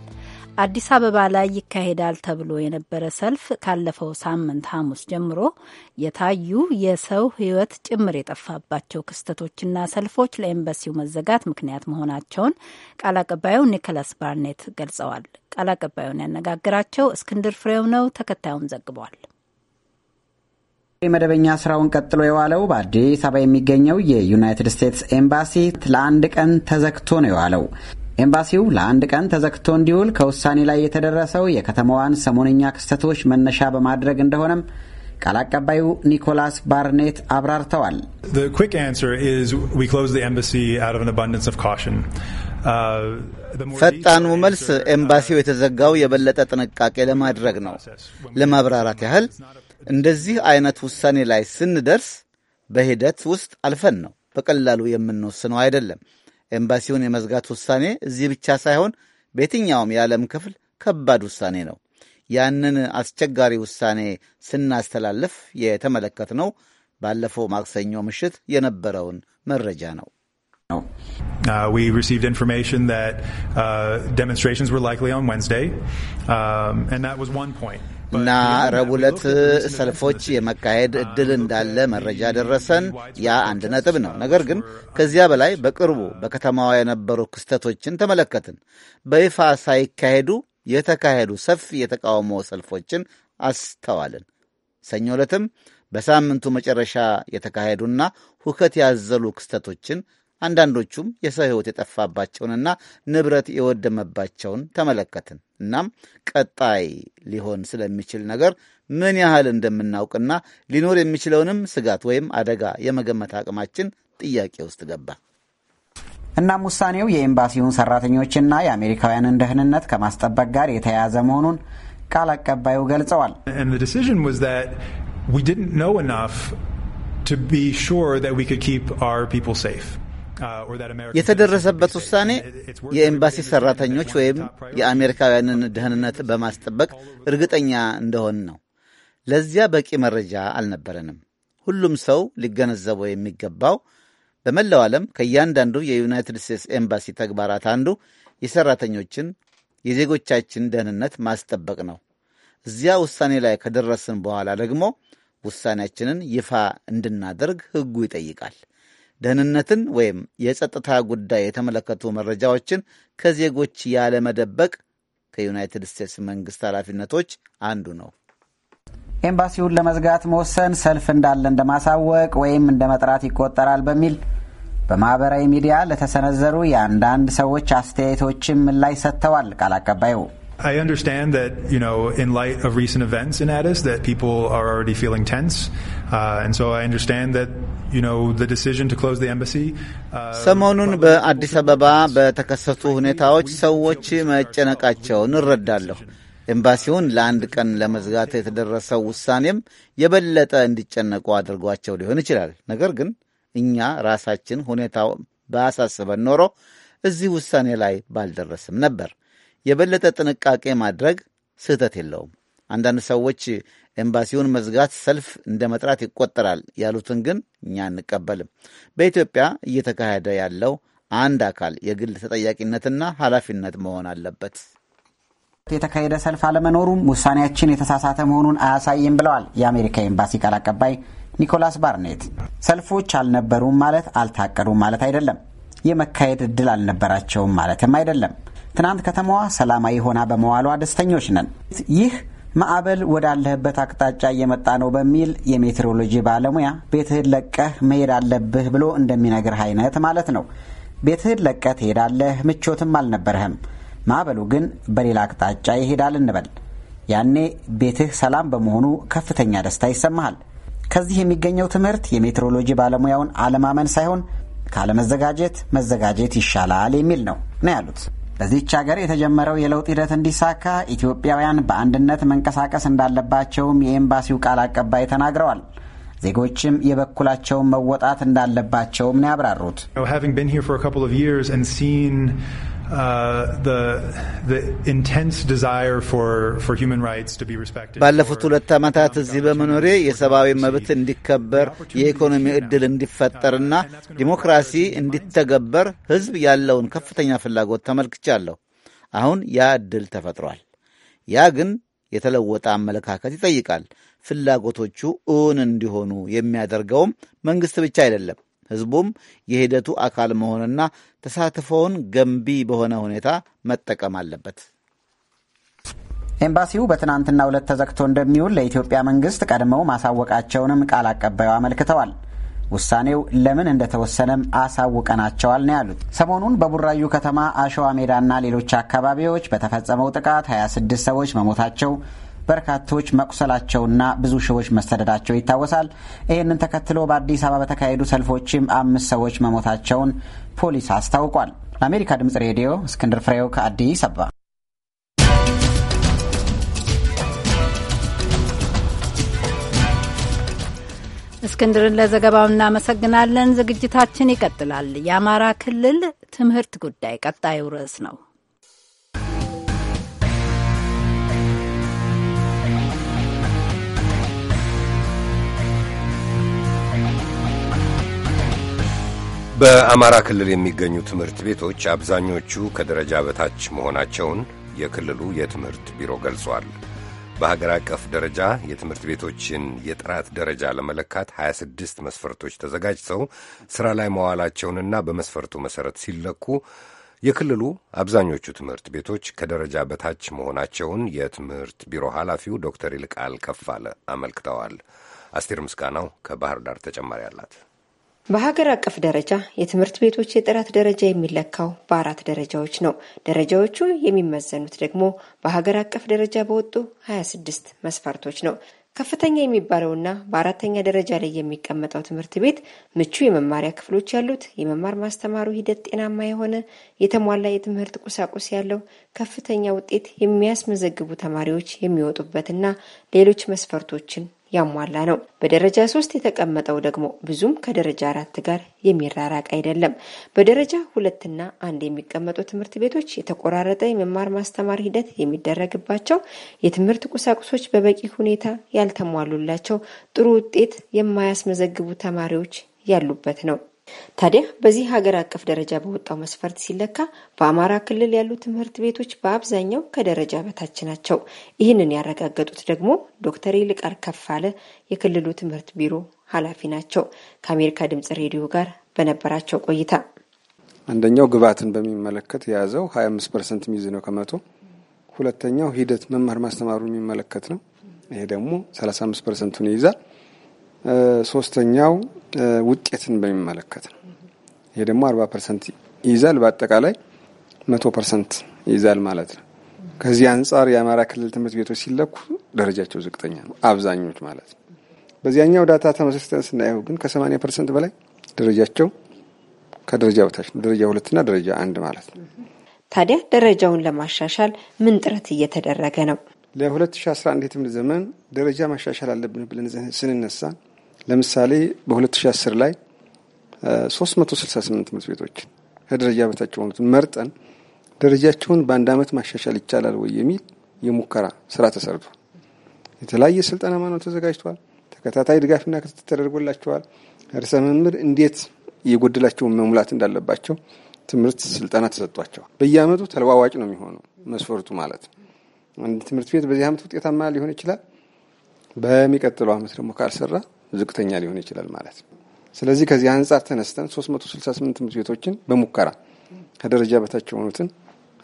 አዲስ አበባ ላይ ይካሄዳል ተብሎ የነበረ ሰልፍ ካለፈው ሳምንት ሐሙስ ጀምሮ የታዩ የሰው ሕይወት ጭምር የጠፋባቸው ክስተቶችና ሰልፎች ለኤምባሲው መዘጋት ምክንያት መሆናቸውን ቃል አቀባዩ ኒኮላስ ባርኔት ገልጸዋል። ቃል አቀባዩን ያነጋግራቸው እስክንድር ፍሬው ነው። ተከታዩን ዘግቧል። መደበኛ ስራውን ቀጥሎ የዋለው በአዲስ አበባ የሚገኘው የዩናይትድ ስቴትስ ኤምባሲ ለአንድ ቀን ተዘግቶ ነው የዋለው። ኤምባሲው ለአንድ ቀን ተዘግቶ እንዲውል ከውሳኔ ላይ የተደረሰው የከተማዋን ሰሞነኛ ክስተቶች መነሻ በማድረግ እንደሆነም ቃል አቀባዩ ኒኮላስ ባርኔት አብራርተዋል። uh, ፈጣኑ መልስ ኤምባሲው የተዘጋው የበለጠ ጥንቃቄ ለማድረግ ነው። ለማብራራት ያህል እንደዚህ አይነት ውሳኔ ላይ ስንደርስ በሂደት ውስጥ አልፈን ነው፣ በቀላሉ የምንወስነው አይደለም። ኤምባሲውን የመዝጋት ውሳኔ እዚህ ብቻ ሳይሆን በየትኛውም የዓለም ክፍል ከባድ ውሳኔ ነው። ያንን አስቸጋሪ ውሳኔ ስናስተላልፍ የተመለከትነው ባለፈው ማክሰኞ ምሽት የነበረውን መረጃ ነው። uh, We received information that uh, demonstrations were likely on Wednesday, um, and that was one point. እና ረቡዕ ዕለት ሰልፎች የመካሄድ እድል እንዳለ መረጃ ደረሰን። ያ አንድ ነጥብ ነው። ነገር ግን ከዚያ በላይ በቅርቡ በከተማዋ የነበሩ ክስተቶችን ተመለከትን። በይፋ ሳይካሄዱ የተካሄዱ ሰፊ የተቃውሞ ሰልፎችን አስተዋልን። ሰኞ ዕለትም በሳምንቱ መጨረሻ የተካሄዱና ሁከት ያዘሉ ክስተቶችን አንዳንዶቹም የሰው ሕይወት የጠፋባቸውንና ንብረት የወደመባቸውን ተመለከትን። እናም ቀጣይ ሊሆን ስለሚችል ነገር ምን ያህል እንደምናውቅና ሊኖር የሚችለውንም ስጋት ወይም አደጋ የመገመት አቅማችን ጥያቄ ውስጥ ገባ። እናም ውሳኔው የኤምባሲውን ሰራተኞችና የአሜሪካውያንን ደህንነት ከማስጠበቅ ጋር የተያያዘ መሆኑን ቃል አቀባዩ ገልጸዋል። We didn't know enough to be sure that we could keep our people safe. የተደረሰበት ውሳኔ የኤምባሲ ሰራተኞች ወይም የአሜሪካውያንን ደህንነት በማስጠበቅ እርግጠኛ እንደሆን ነው። ለዚያ በቂ መረጃ አልነበረንም። ሁሉም ሰው ሊገነዘበው የሚገባው በመላው ዓለም ከእያንዳንዱ የዩናይትድ ስቴትስ ኤምባሲ ተግባራት አንዱ የሰራተኞችን የዜጎቻችን ደህንነት ማስጠበቅ ነው። እዚያ ውሳኔ ላይ ከደረስን በኋላ ደግሞ ውሳኔያችንን ይፋ እንድናደርግ ሕጉ ይጠይቃል። ደህንነትን ወይም የጸጥታ ጉዳይ የተመለከቱ መረጃዎችን ከዜጎች ያለመደበቅ ከዩናይትድ ስቴትስ መንግስት ኃላፊነቶች አንዱ ነው። ኤምባሲውን ለመዝጋት መወሰን ሰልፍ እንዳለ እንደማሳወቅ ወይም እንደ መጥራት ይቆጠራል በሚል በማኅበራዊ ሚዲያ ለተሰነዘሩ የአንዳንድ ሰዎች አስተያየቶችም ምላሽ ሰጥተዋል ቃል አቀባዩ I understand that, you know, in light of recent events in Addis, that people are already feeling tense. Uh, and so I understand that, you know, the decision to close the embassy. Uh, ሰሞኑን በአዲስ አበባ በተከሰቱ ሁኔታዎች ሰዎች መጨነቃቸውን እረዳለሁ። ኤምባሲውን ለአንድ ቀን ለመዝጋት የተደረሰው ውሳኔም የበለጠ እንዲጨነቁ አድርጓቸው ሊሆን ይችላል። ነገር ግን እኛ ራሳችን ሁኔታው ባያሳስበን ኖሮ እዚህ ውሳኔ ላይ ባልደረስም ነበር። የበለጠ ጥንቃቄ ማድረግ ስህተት የለውም። አንዳንድ ሰዎች ኤምባሲውን መዝጋት ሰልፍ እንደ መጥራት ይቆጠራል ያሉትን ግን እኛ አንቀበልም። በኢትዮጵያ እየተካሄደ ያለው አንድ አካል የግል ተጠያቂነትና ኃላፊነት መሆን አለበት። የተካሄደ ሰልፍ አለመኖሩም ውሳኔያችን የተሳሳተ መሆኑን አያሳይም ብለዋል የአሜሪካ ኤምባሲ ቃል አቀባይ ኒኮላስ ባርኔት። ሰልፎች አልነበሩም ማለት አልታቀዱም ማለት አይደለም፣ የመካሄድ እድል አልነበራቸውም ማለትም አይደለም። ትናንት ከተማዋ ሰላማዊ ሆና በመዋሏ ደስተኞች ነን። ይህ ማዕበል ወዳለህበት አቅጣጫ እየመጣ ነው በሚል የሜትሮሎጂ ባለሙያ ቤትህን ለቀህ መሄድ አለብህ ብሎ እንደሚነግርህ አይነት ማለት ነው። ቤትህን ለቀህ ትሄዳለህ፣ ምቾትም አልነበረህም። ማዕበሉ ግን በሌላ አቅጣጫ ይሄዳል እንበል። ያኔ ቤትህ ሰላም በመሆኑ ከፍተኛ ደስታ ይሰማሃል። ከዚህ የሚገኘው ትምህርት የሜትሮሎጂ ባለሙያውን አለማመን ሳይሆን ካለመዘጋጀት መዘጋጀት ይሻላል የሚል ነው ነው ያሉት። በዚህች ሀገር የተጀመረው የለውጥ ሂደት እንዲሳካ ኢትዮጵያውያን በአንድነት መንቀሳቀስ እንዳለባቸውም የኤምባሲው ቃል አቀባይ ተናግረዋል። ዜጎችም የበኩላቸውን መወጣት እንዳለባቸውም ነው ያብራሩት። Uh, ባለፉት ሁለት ዓመታት እዚህ በመኖሬ የሰብአዊ መብት እንዲከበር የኢኮኖሚ ዕድል እንዲፈጠርና ዲሞክራሲ እንዲተገበር ህዝብ ያለውን ከፍተኛ ፍላጎት ተመልክቻለሁ። አሁን ያ ዕድል ተፈጥሯል። ያ ግን የተለወጠ አመለካከት ይጠይቃል። ፍላጎቶቹ እውን እንዲሆኑ የሚያደርገውም መንግሥት ብቻ አይደለም፣ ህዝቡም የሂደቱ አካል መሆንና ተሳትፎውን ገንቢ በሆነ ሁኔታ መጠቀም አለበት። ኤምባሲው በትናንትናው ዕለት ተዘግቶ እንደሚውል ለኢትዮጵያ መንግስት ቀድመው ማሳወቃቸውንም ቃል አቀባዩ አመልክተዋል። ውሳኔው ለምን እንደተወሰነም አሳውቀናቸዋል ነው ያሉት። ሰሞኑን በቡራዩ ከተማ አሸዋ ሜዳና ሌሎች አካባቢዎች በተፈጸመው ጥቃት 26 ሰዎች መሞታቸው በርካቶች መቁሰላቸውና ብዙ ሰዎች መሰደዳቸው ይታወሳል። ይህንን ተከትሎ በአዲስ አበባ በተካሄዱ ሰልፎችም አምስት ሰዎች መሞታቸውን ፖሊስ አስታውቋል። ለአሜሪካ ድምጽ ሬዲዮ እስክንድር ፍሬው ከአዲስ አበባ። እስክንድርን ለዘገባው እናመሰግናለን። ዝግጅታችን ይቀጥላል። የአማራ ክልል ትምህርት ጉዳይ ቀጣዩ ርዕስ ነው። በአማራ ክልል የሚገኙ ትምህርት ቤቶች አብዛኞቹ ከደረጃ በታች መሆናቸውን የክልሉ የትምህርት ቢሮ ገልጿል። በሀገር አቀፍ ደረጃ የትምህርት ቤቶችን የጥራት ደረጃ ለመለካት 26 መስፈርቶች ተዘጋጅተው ሥራ ላይ መዋላቸውንና በመስፈርቱ መሠረት ሲለኩ የክልሉ አብዛኞቹ ትምህርት ቤቶች ከደረጃ በታች መሆናቸውን የትምህርት ቢሮ ኃላፊው ዶክተር ይልቃል ከፋለ አመልክተዋል። አስቴር ምስጋናው ከባህር ዳር ተጨማሪ አላት። በሀገር አቀፍ ደረጃ የትምህርት ቤቶች የጥራት ደረጃ የሚለካው በአራት ደረጃዎች ነው። ደረጃዎቹ የሚመዘኑት ደግሞ በሀገር አቀፍ ደረጃ በወጡ 26 መስፈርቶች ነው። ከፍተኛ የሚባለውና በአራተኛ ደረጃ ላይ የሚቀመጠው ትምህርት ቤት ምቹ የመማሪያ ክፍሎች ያሉት፣ የመማር ማስተማሩ ሂደት ጤናማ የሆነ፣ የተሟላ የትምህርት ቁሳቁስ ያለው፣ ከፍተኛ ውጤት የሚያስመዘግቡ ተማሪዎች የሚወጡበትና ሌሎች መስፈርቶችን ያሟላ ነው። በደረጃ ሶስት የተቀመጠው ደግሞ ብዙም ከደረጃ አራት ጋር የሚራራቅ አይደለም። በደረጃ ሁለትና አንድ የሚቀመጡ ትምህርት ቤቶች የተቆራረጠ የመማር ማስተማር ሂደት የሚደረግባቸው፣ የትምህርት ቁሳቁሶች በበቂ ሁኔታ ያልተሟሉላቸው፣ ጥሩ ውጤት የማያስመዘግቡ ተማሪዎች ያሉበት ነው። ታዲያ በዚህ ሀገር አቀፍ ደረጃ በወጣው መስፈርት ሲለካ በአማራ ክልል ያሉ ትምህርት ቤቶች በአብዛኛው ከደረጃ በታች ናቸው። ይህንን ያረጋገጡት ደግሞ ዶክተር ይልቃል ከፋለ የክልሉ ትምህርት ቢሮ ኃላፊ ናቸው። ከአሜሪካ ድምጽ ሬዲዮ ጋር በነበራቸው ቆይታ አንደኛው ግብዓትን በሚመለከት የያዘው 25 ፐርሰንት ሚዝ ነው ከመቶ። ሁለተኛው ሂደት መምህር ማስተማሩ የሚመለከት ነው። ይሄ ደግሞ 35 ፐርሰንቱን ይይዛል። ሶስተኛው ውጤትን በሚመለከት ነው። ይሄ ደግሞ አርባ ፐርሰንት ይይዛል፣ በአጠቃላይ መቶ ፐርሰንት ይይዛል ማለት ነው። ከዚህ አንጻር የአማራ ክልል ትምህርት ቤቶች ሲለኩ ደረጃቸው ዝቅተኛ ነው፣ አብዛኞች ማለት ነው። በዚያኛው ዳታ ተመስርተን ስናየው ግን ከሰማኒያ ፐርሰንት በላይ ደረጃቸው ከደረጃ በታች ነው፣ ደረጃ ሁለትና ደረጃ አንድ ማለት ነው። ታዲያ ደረጃውን ለማሻሻል ምን ጥረት እየተደረገ ነው? ለ2011 የትምህርት ዘመን ደረጃ ማሻሻል አለብን ብለን ስንነሳ ለምሳሌ በ2010 ላይ 368 ትምህርት ቤቶችን ከደረጃ በታች የሆኑትን መርጠን ደረጃቸውን በአንድ ዓመት ማሻሻል ይቻላል ወይ የሚል የሙከራ ስራ ተሰርቷል። የተለያየ ስልጠና ማነው ተዘጋጅቷል። ተከታታይ ድጋፍና ክትትል ተደርጎላቸዋል። ርዕሰ መምህር እንዴት የጎደላቸውን መሙላት እንዳለባቸው ትምህርት ስልጠና ተሰጥቷቸዋል። በየአመቱ ተለዋዋጭ ነው የሚሆነው መስፈርቱ ማለት አንድ ትምህርት ቤት በዚህ አመት ውጤታማ ሊሆን ይችላል። በሚቀጥለው አመት ደግሞ ካልሰራ ዝቅተኛ ሊሆን ይችላል ማለት ነው። ስለዚህ ከዚህ አንጻር ተነስተን 368 ትምህርት ቤቶችን በሙከራ ከደረጃ በታች የሆኑትን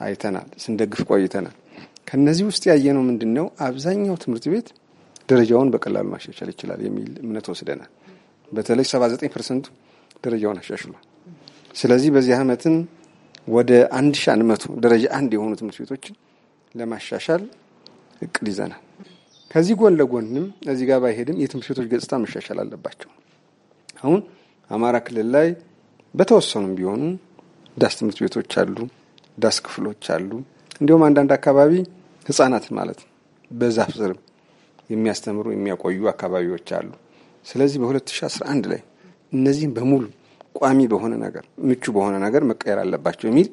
አይተናል፣ ስንደግፍ ቆይተናል። ከነዚህ ውስጥ ያየነው ምንድን ነው? አብዛኛው ትምህርት ቤት ደረጃውን በቀላሉ ማሻሻል ይችላል የሚል እምነት ወስደናል። በተለይ 79 ፐርሰንቱ ደረጃውን አሻሽሏል። ስለዚህ በዚህ ዓመትም ወደ 1100 ደረጃ አንድ የሆኑ ትምህርት ቤቶችን ለማሻሻል እቅድ ይዘናል። ከዚህ ጎን ለጎንም እዚህ ጋር ባይሄድም የትምህርት ቤቶች ገጽታ መሻሻል አለባቸው። አሁን አማራ ክልል ላይ በተወሰኑም ቢሆኑ ዳስ ትምህርት ቤቶች አሉ፣ ዳስ ክፍሎች አሉ። እንዲሁም አንዳንድ አካባቢ ህጻናት ማለት ነው። በዛፍ ስር የሚያስተምሩ የሚያቆዩ አካባቢዎች አሉ። ስለዚህ በ2011 ላይ እነዚህም በሙሉ ቋሚ በሆነ ነገር ምቹ በሆነ ነገር መቀየር አለባቸው የሚል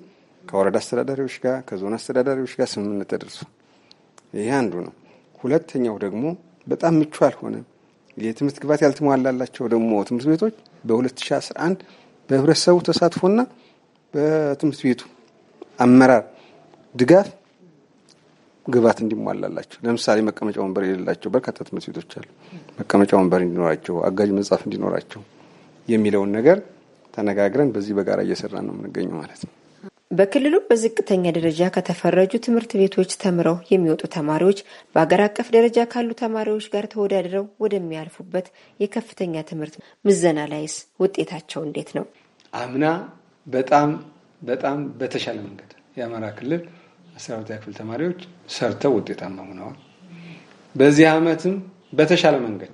ከወረዳ አስተዳዳሪዎች ጋር ከዞን አስተዳዳሪዎች ጋር ስምምነት ተደርሷል። ይሄ አንዱ ነው። ሁለተኛው ደግሞ በጣም ምቹ አልሆነ የትምህርት ግባት ያልተሟላላቸው ደግሞ ትምህርት ቤቶች በ2011 በህብረተሰቡ ተሳትፎና በትምህርት ቤቱ አመራር ድጋፍ ግባት እንዲሟላላቸው ለምሳሌ መቀመጫ ወንበር የሌላቸው በርካታ ትምህርት ቤቶች አሉ። መቀመጫ ወንበር እንዲኖራቸው፣ አጋዥ መጽሐፍ እንዲኖራቸው የሚለውን ነገር ተነጋግረን በዚህ በጋራ እየሰራ ነው የምንገኘው ማለት ነው። በክልሉ በዝቅተኛ ደረጃ ከተፈረጁ ትምህርት ቤቶች ተምረው የሚወጡ ተማሪዎች በአገር አቀፍ ደረጃ ካሉ ተማሪዎች ጋር ተወዳድረው ወደሚያልፉበት የከፍተኛ ትምህርት ምዘና ላይስ ውጤታቸው እንዴት ነው? አምና በጣም በጣም በተሻለ መንገድ የአማራ ክልል አስራ ሁለተኛ ክፍል ተማሪዎች ሰርተው ውጤታማ ሆነዋል። በዚህ ዓመትም በተሻለ መንገድ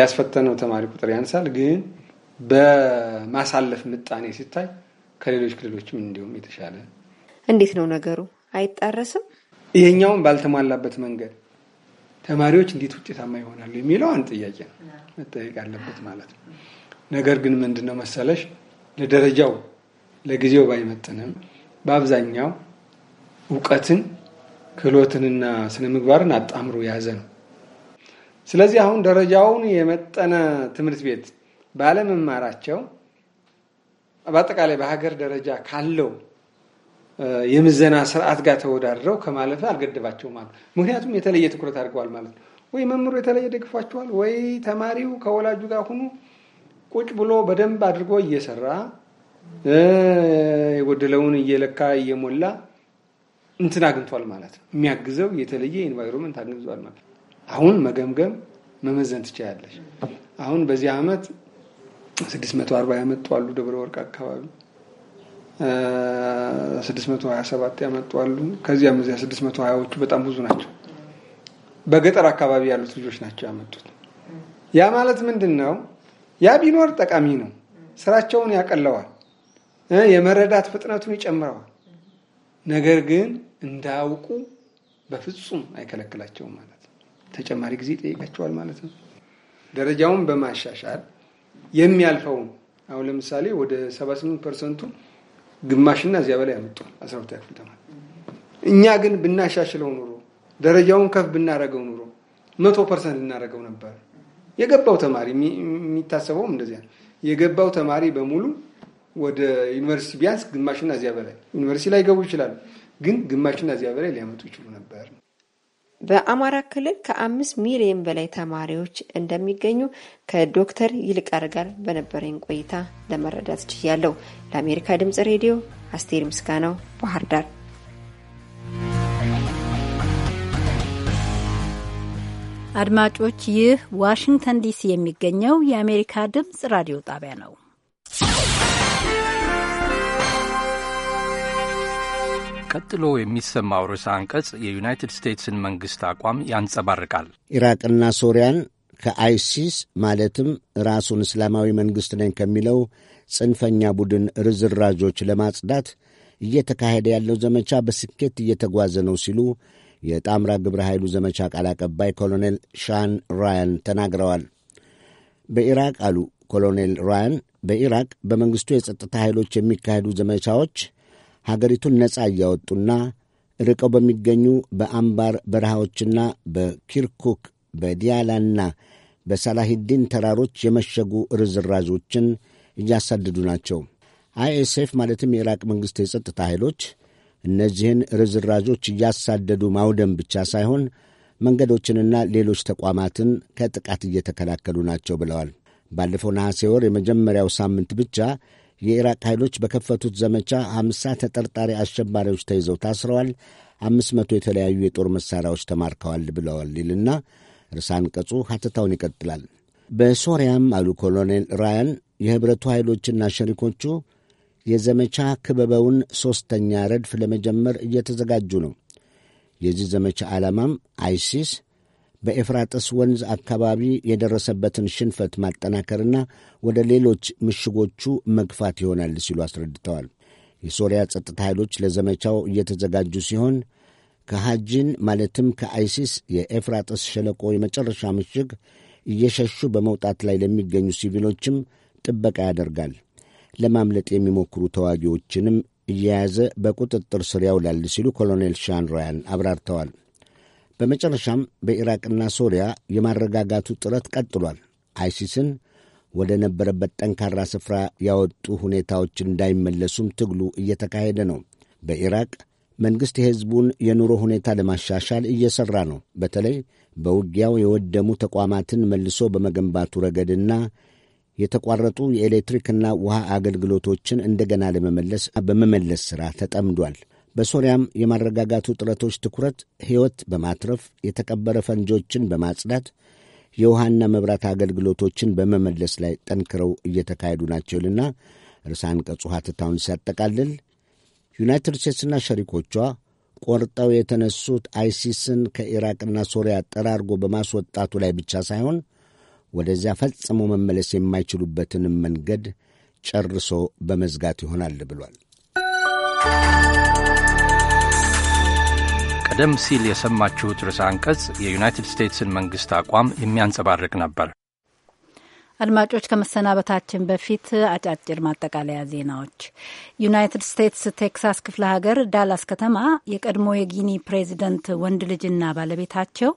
ያስፈተነው ተማሪ ቁጥር ያንሳል፣ ግን በማሳለፍ ምጣኔ ሲታይ ከሌሎች ክልሎችም እንዲሁም የተሻለ እንዴት ነው ነገሩ? አይጣረስም። ይሄኛውን ባልተሟላበት መንገድ ተማሪዎች እንዴት ውጤታማ ይሆናሉ የሚለው አንድ ጥያቄ ነው መጠየቅ አለበት ማለት ነው። ነገር ግን ምንድን ነው መሰለሽ ለደረጃው ለጊዜው ባይመጥንም በአብዛኛው እውቀትን ክህሎትንና ስነ ምግባርን አጣምሮ የያዘ ነው። ስለዚህ አሁን ደረጃውን የመጠነ ትምህርት ቤት ባለመማራቸው በአጠቃላይ በሀገር ደረጃ ካለው የምዘና ስርዓት ጋር ተወዳድረው ከማለፍ አልገደባቸውም አሉ። ምክንያቱም የተለየ ትኩረት አድርገዋል ማለት ነው። ወይ መምህሩ የተለየ ደግፏቸዋል፣ ወይ ተማሪው ከወላጁ ጋር ሁኑ ቁጭ ብሎ በደንብ አድርጎ እየሰራ የጎደለውን እየለካ እየሞላ እንትን አግኝቷል ማለት ነው። የሚያግዘው የተለየ ኢንቫይሮንመንት አግኝቷል ማለት ነው። አሁን መገምገም መመዘን ትችላለች። አሁን በዚህ ዓመት ስድስት መቶ አርባ ያመጡ አሉ። ደብረ ወርቅ አካባቢ ስድስት መቶ ሀያ ሰባት ያመጡ አሉ። ከዚያም እዚያ ስድስት መቶ ሀያዎቹ በጣም ብዙ ናቸው። በገጠር አካባቢ ያሉት ልጆች ናቸው ያመጡት። ያ ማለት ምንድን ነው? ያ ቢኖር ጠቃሚ ነው። ስራቸውን ያቀለዋል፣ የመረዳት ፍጥነቱን ይጨምረዋል። ነገር ግን እንዳያውቁ በፍጹም አይከለክላቸውም ማለት ነው። ተጨማሪ ጊዜ ይጠይቃቸዋል ማለት ነው። ደረጃውን በማሻሻል የሚያልፈው አሁን ለምሳሌ ወደ 78 ፐርሰንቱ ግማሽና እዚያ በላይ ያመጡ አስራ ሁለተኛ ክፍል ተማሪ። እኛ ግን ብናሻሽለው ኑሮ ደረጃውን ከፍ ብናረገው ኑሮ መቶ ፐርሰንት እናደረገው ነበር። የገባው ተማሪ የሚታሰበውም እንደዚያ ነው። የገባው ተማሪ በሙሉ ወደ ዩኒቨርሲቲ ቢያንስ ግማሽና እዚያ በላይ ዩኒቨርሲቲ ላይ ገቡ ይችላሉ፣ ግን ግማሽና እዚያ በላይ ሊያመጡ ይችሉ ነበር። በአማራ ክልል ከአምስት ሚሊዮን በላይ ተማሪዎች እንደሚገኙ ከዶክተር ይልቃር ጋር በነበረኝ ቆይታ ለመረዳት ችያለሁ። ለአሜሪካ ድምፅ ሬዲዮ አስቴር ምስጋናው ባህር ዳር። አድማጮች፣ ይህ ዋሽንግተን ዲሲ የሚገኘው የአሜሪካ ድምፅ ራዲዮ ጣቢያ ነው። ቀጥሎ የሚሰማው ርዕሰ አንቀጽ የዩናይትድ ስቴትስን መንግሥት አቋም ያንጸባርቃል። ኢራቅና ሶሪያን ከአይሲስ ማለትም ራሱን እስላማዊ መንግሥት ነኝ ከሚለው ጽንፈኛ ቡድን ርዝራዦች ለማጽዳት እየተካሄደ ያለው ዘመቻ በስኬት እየተጓዘ ነው ሲሉ የጣምራ ግብረ ኃይሉ ዘመቻ ቃል አቀባይ ኮሎኔል ሻን ራያን ተናግረዋል። በኢራቅ አሉ ኮሎኔል ራያን በኢራቅ በመንግሥቱ የጸጥታ ኃይሎች የሚካሄዱ ዘመቻዎች ሀገሪቱን ነጻ እያወጡና ርቀው በሚገኙ በአምባር በረሃዎችና በኪርኩክ በዲያላና በሳላሂዲን ተራሮች የመሸጉ ርዝራዞችን እያሳደዱ ናቸው። አይኤስኤፍ ማለትም የኢራቅ መንግሥት የጸጥታ ኃይሎች እነዚህን ርዝራዞች እያሳደዱ ማውደም ብቻ ሳይሆን መንገዶችንና ሌሎች ተቋማትን ከጥቃት እየተከላከሉ ናቸው ብለዋል። ባለፈው ነሐሴ ወር የመጀመሪያው ሳምንት ብቻ የኢራቅ ኃይሎች በከፈቱት ዘመቻ አምሳ ተጠርጣሪ አሸባሪዎች ተይዘው ታስረዋል፣ አምስት መቶ የተለያዩ የጦር መሣሪያዎች ተማርከዋል ብለዋል ይልና ርዕሰ አንቀጹ ሐተታውን ይቀጥላል። በሶሪያም አሉ ኮሎኔል ራያን የኅብረቱ ኃይሎችና ሸሪኮቹ የዘመቻ ክበበውን ሦስተኛ ረድፍ ለመጀመር እየተዘጋጁ ነው። የዚህ ዘመቻ ዓላማም አይሲስ በኤፍራጥስ ወንዝ አካባቢ የደረሰበትን ሽንፈት ማጠናከርና ወደ ሌሎች ምሽጎቹ መግፋት ይሆናል ሲሉ አስረድተዋል። የሶሪያ ጸጥታ ኃይሎች ለዘመቻው እየተዘጋጁ ሲሆን ከሐጂን ማለትም ከአይሲስ የኤፍራጥስ ሸለቆ የመጨረሻ ምሽግ እየሸሹ በመውጣት ላይ ለሚገኙ ሲቪሎችም ጥበቃ ያደርጋል። ለማምለጥ የሚሞክሩ ተዋጊዎችንም እየያዘ በቁጥጥር ስር ያውላል ሲሉ ኮሎኔል ሻን ራያን አብራርተዋል። በመጨረሻም በኢራቅና ሶሪያ የማረጋጋቱ ጥረት ቀጥሏል። አይሲስን ወደ ነበረበት ጠንካራ ስፍራ ያወጡ ሁኔታዎች እንዳይመለሱም ትግሉ እየተካሄደ ነው። በኢራቅ መንግሥት የሕዝቡን የኑሮ ሁኔታ ለማሻሻል እየሠራ ነው። በተለይ በውጊያው የወደሙ ተቋማትን መልሶ በመገንባቱ ረገድና የተቋረጡ የኤሌክትሪክና ውሃ አገልግሎቶችን እንደገና ለመመለስ በመመለስ ሥራ ተጠምዷል። በሶሪያም የማረጋጋቱ ጥረቶች ትኩረት ሕይወት በማትረፍ የተቀበረ ፈንጆችን በማጽዳት የውሃና መብራት አገልግሎቶችን በመመለስ ላይ ጠንክረው እየተካሄዱ ናቸውልና ርዕሰ አንቀጹ ሐተታውን ሲያጠቃልል ዩናይትድ ስቴትስና ሸሪኮቿ ቆርጠው የተነሱት አይሲስን ከኢራቅና ሶሪያ ጠራርጎ በማስወጣቱ ላይ ብቻ ሳይሆን ወደዚያ ፈጽሞ መመለስ የማይችሉበትንም መንገድ ጨርሶ በመዝጋት ይሆናል ብሏል። ቀደም ሲል የሰማችሁት ርዕሰ አንቀጽ የዩናይትድ ስቴትስን መንግስት አቋም የሚያንጸባርቅ ነበር። አድማጮች ከመሰናበታችን በፊት አጫጭር ማጠቃለያ ዜናዎች። ዩናይትድ ስቴትስ ቴክሳስ ክፍለ ሀገር ዳላስ ከተማ የቀድሞ የጊኒ ፕሬዚደንት ወንድ ልጅና ባለቤታቸው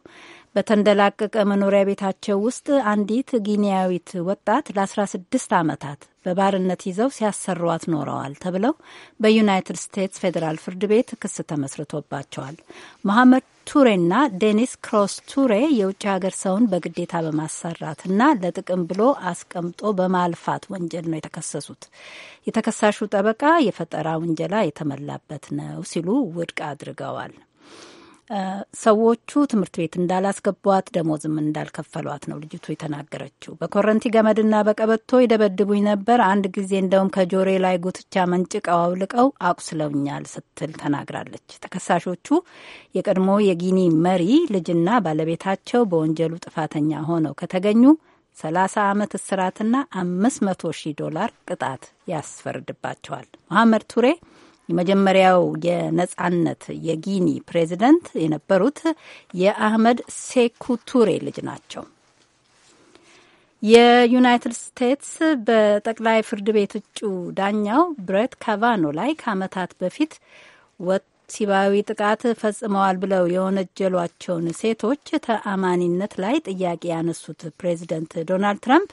በተንደላቀቀ መኖሪያ ቤታቸው ውስጥ አንዲት ጊኒያዊት ወጣት ለ16 ዓመታት በባርነት ይዘው ሲያሰሯት ኖረዋል ተብለው በዩናይትድ ስቴትስ ፌዴራል ፍርድ ቤት ክስ ተመስርቶባቸዋል። መሐመድ ቱሬና ዴኒስ ክሮስ ቱሬ የውጭ ሀገር ሰውን በግዴታ በማሰራትና ለጥቅም ብሎ አስቀምጦ በማልፋት ወንጀል ነው የተከሰሱት። የተከሳሹ ጠበቃ የፈጠራ ውንጀላ የተመላበት ነው ሲሉ ውድቅ አድርገዋል። ሰዎቹ ትምህርት ቤት እንዳላስገቧት ደሞዝም እንዳልከፈሏት ነው ልጅቱ የተናገረችው። በኮረንቲ ገመድና በቀበቶ ይደበድቡኝ ነበር። አንድ ጊዜ እንደውም ከጆሬ ላይ ጉትቻ መንጭቀው አውልቀው አቁስለውኛል ስትል ተናግራለች። ተከሳሾቹ የቀድሞ የጊኒ መሪ ልጅና ባለቤታቸው በወንጀሉ ጥፋተኛ ሆነው ከተገኙ 30 ዓመት እስራትና 500 ሺህ ዶላር ቅጣት ያስፈርድባቸዋል። መሐመድ ቱሬ የመጀመሪያው የነጻነት የጊኒ ፕሬዚደንት የነበሩት የአህመድ ሴኩቱሬ ልጅ ናቸው። የዩናይትድ ስቴትስ በጠቅላይ ፍርድ ቤት እጩ ዳኛው ብሬት ካቫኖ ላይ ከዓመታት በፊት ወሲባዊ ጥቃት ፈጽመዋል ብለው የወነጀሏቸውን ሴቶች ተአማኒነት ላይ ጥያቄ ያነሱት ፕሬዚደንት ዶናልድ ትራምፕ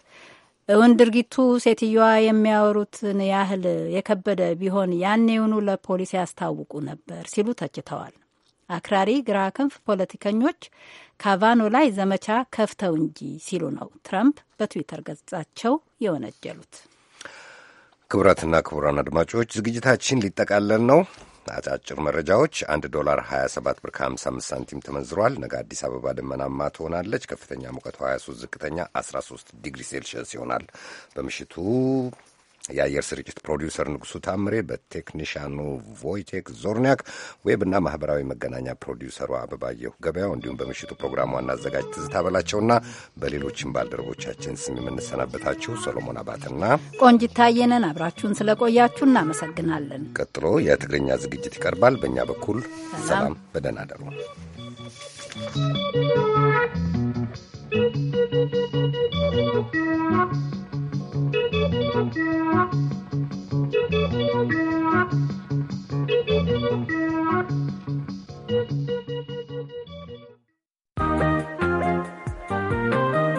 እውን ድርጊቱ ሴትዮዋ የሚያወሩትን ያህል የከበደ ቢሆን ያኔውኑ ለፖሊስ ያስታውቁ ነበር ሲሉ ተችተዋል። አክራሪ ግራ ክንፍ ፖለቲከኞች ካቫኖ ላይ ዘመቻ ከፍተው እንጂ ሲሉ ነው ትራምፕ በትዊተር ገጻቸው የወነጀሉት። ክቡራትና ክቡራን አድማጮች ዝግጅታችን ሊጠቃለል ነው። አጫጭር መረጃዎች 1 ዶላር 27 ብር ከ55 ሳንቲም ተመንዝሯል። ነገ አዲስ አበባ ደመናማ ትሆናለች። ከፍተኛ ሙቀት 23፣ ዝቅተኛ 13 ዲግሪ ሴልሽየስ ይሆናል። በምሽቱ የአየር ስርጭት ፕሮዲውሰር ንጉሱ ታምሬ፣ በቴክኒሻኑ ቮይቴክ ዞርኒያክ፣ ዌብና ማህበራዊ መገናኛ ፕሮዲውሰሩ አበባየሁ ገበያው እንዲሁም በምሽቱ ፕሮግራም ዋና አዘጋጅ ትዝታ በላቸውና በሌሎችም ባልደረቦቻችን ስም የምንሰናበታችሁ ሰሎሞን አባትና ቆንጂት ታየ አብራችሁን ስለቆያችሁ እናመሰግናለን። ቀጥሎ የትግርኛ ዝግጅት ይቀርባል። በእኛ በኩል ሰላም፣ በደህና ደሩ። Thank you.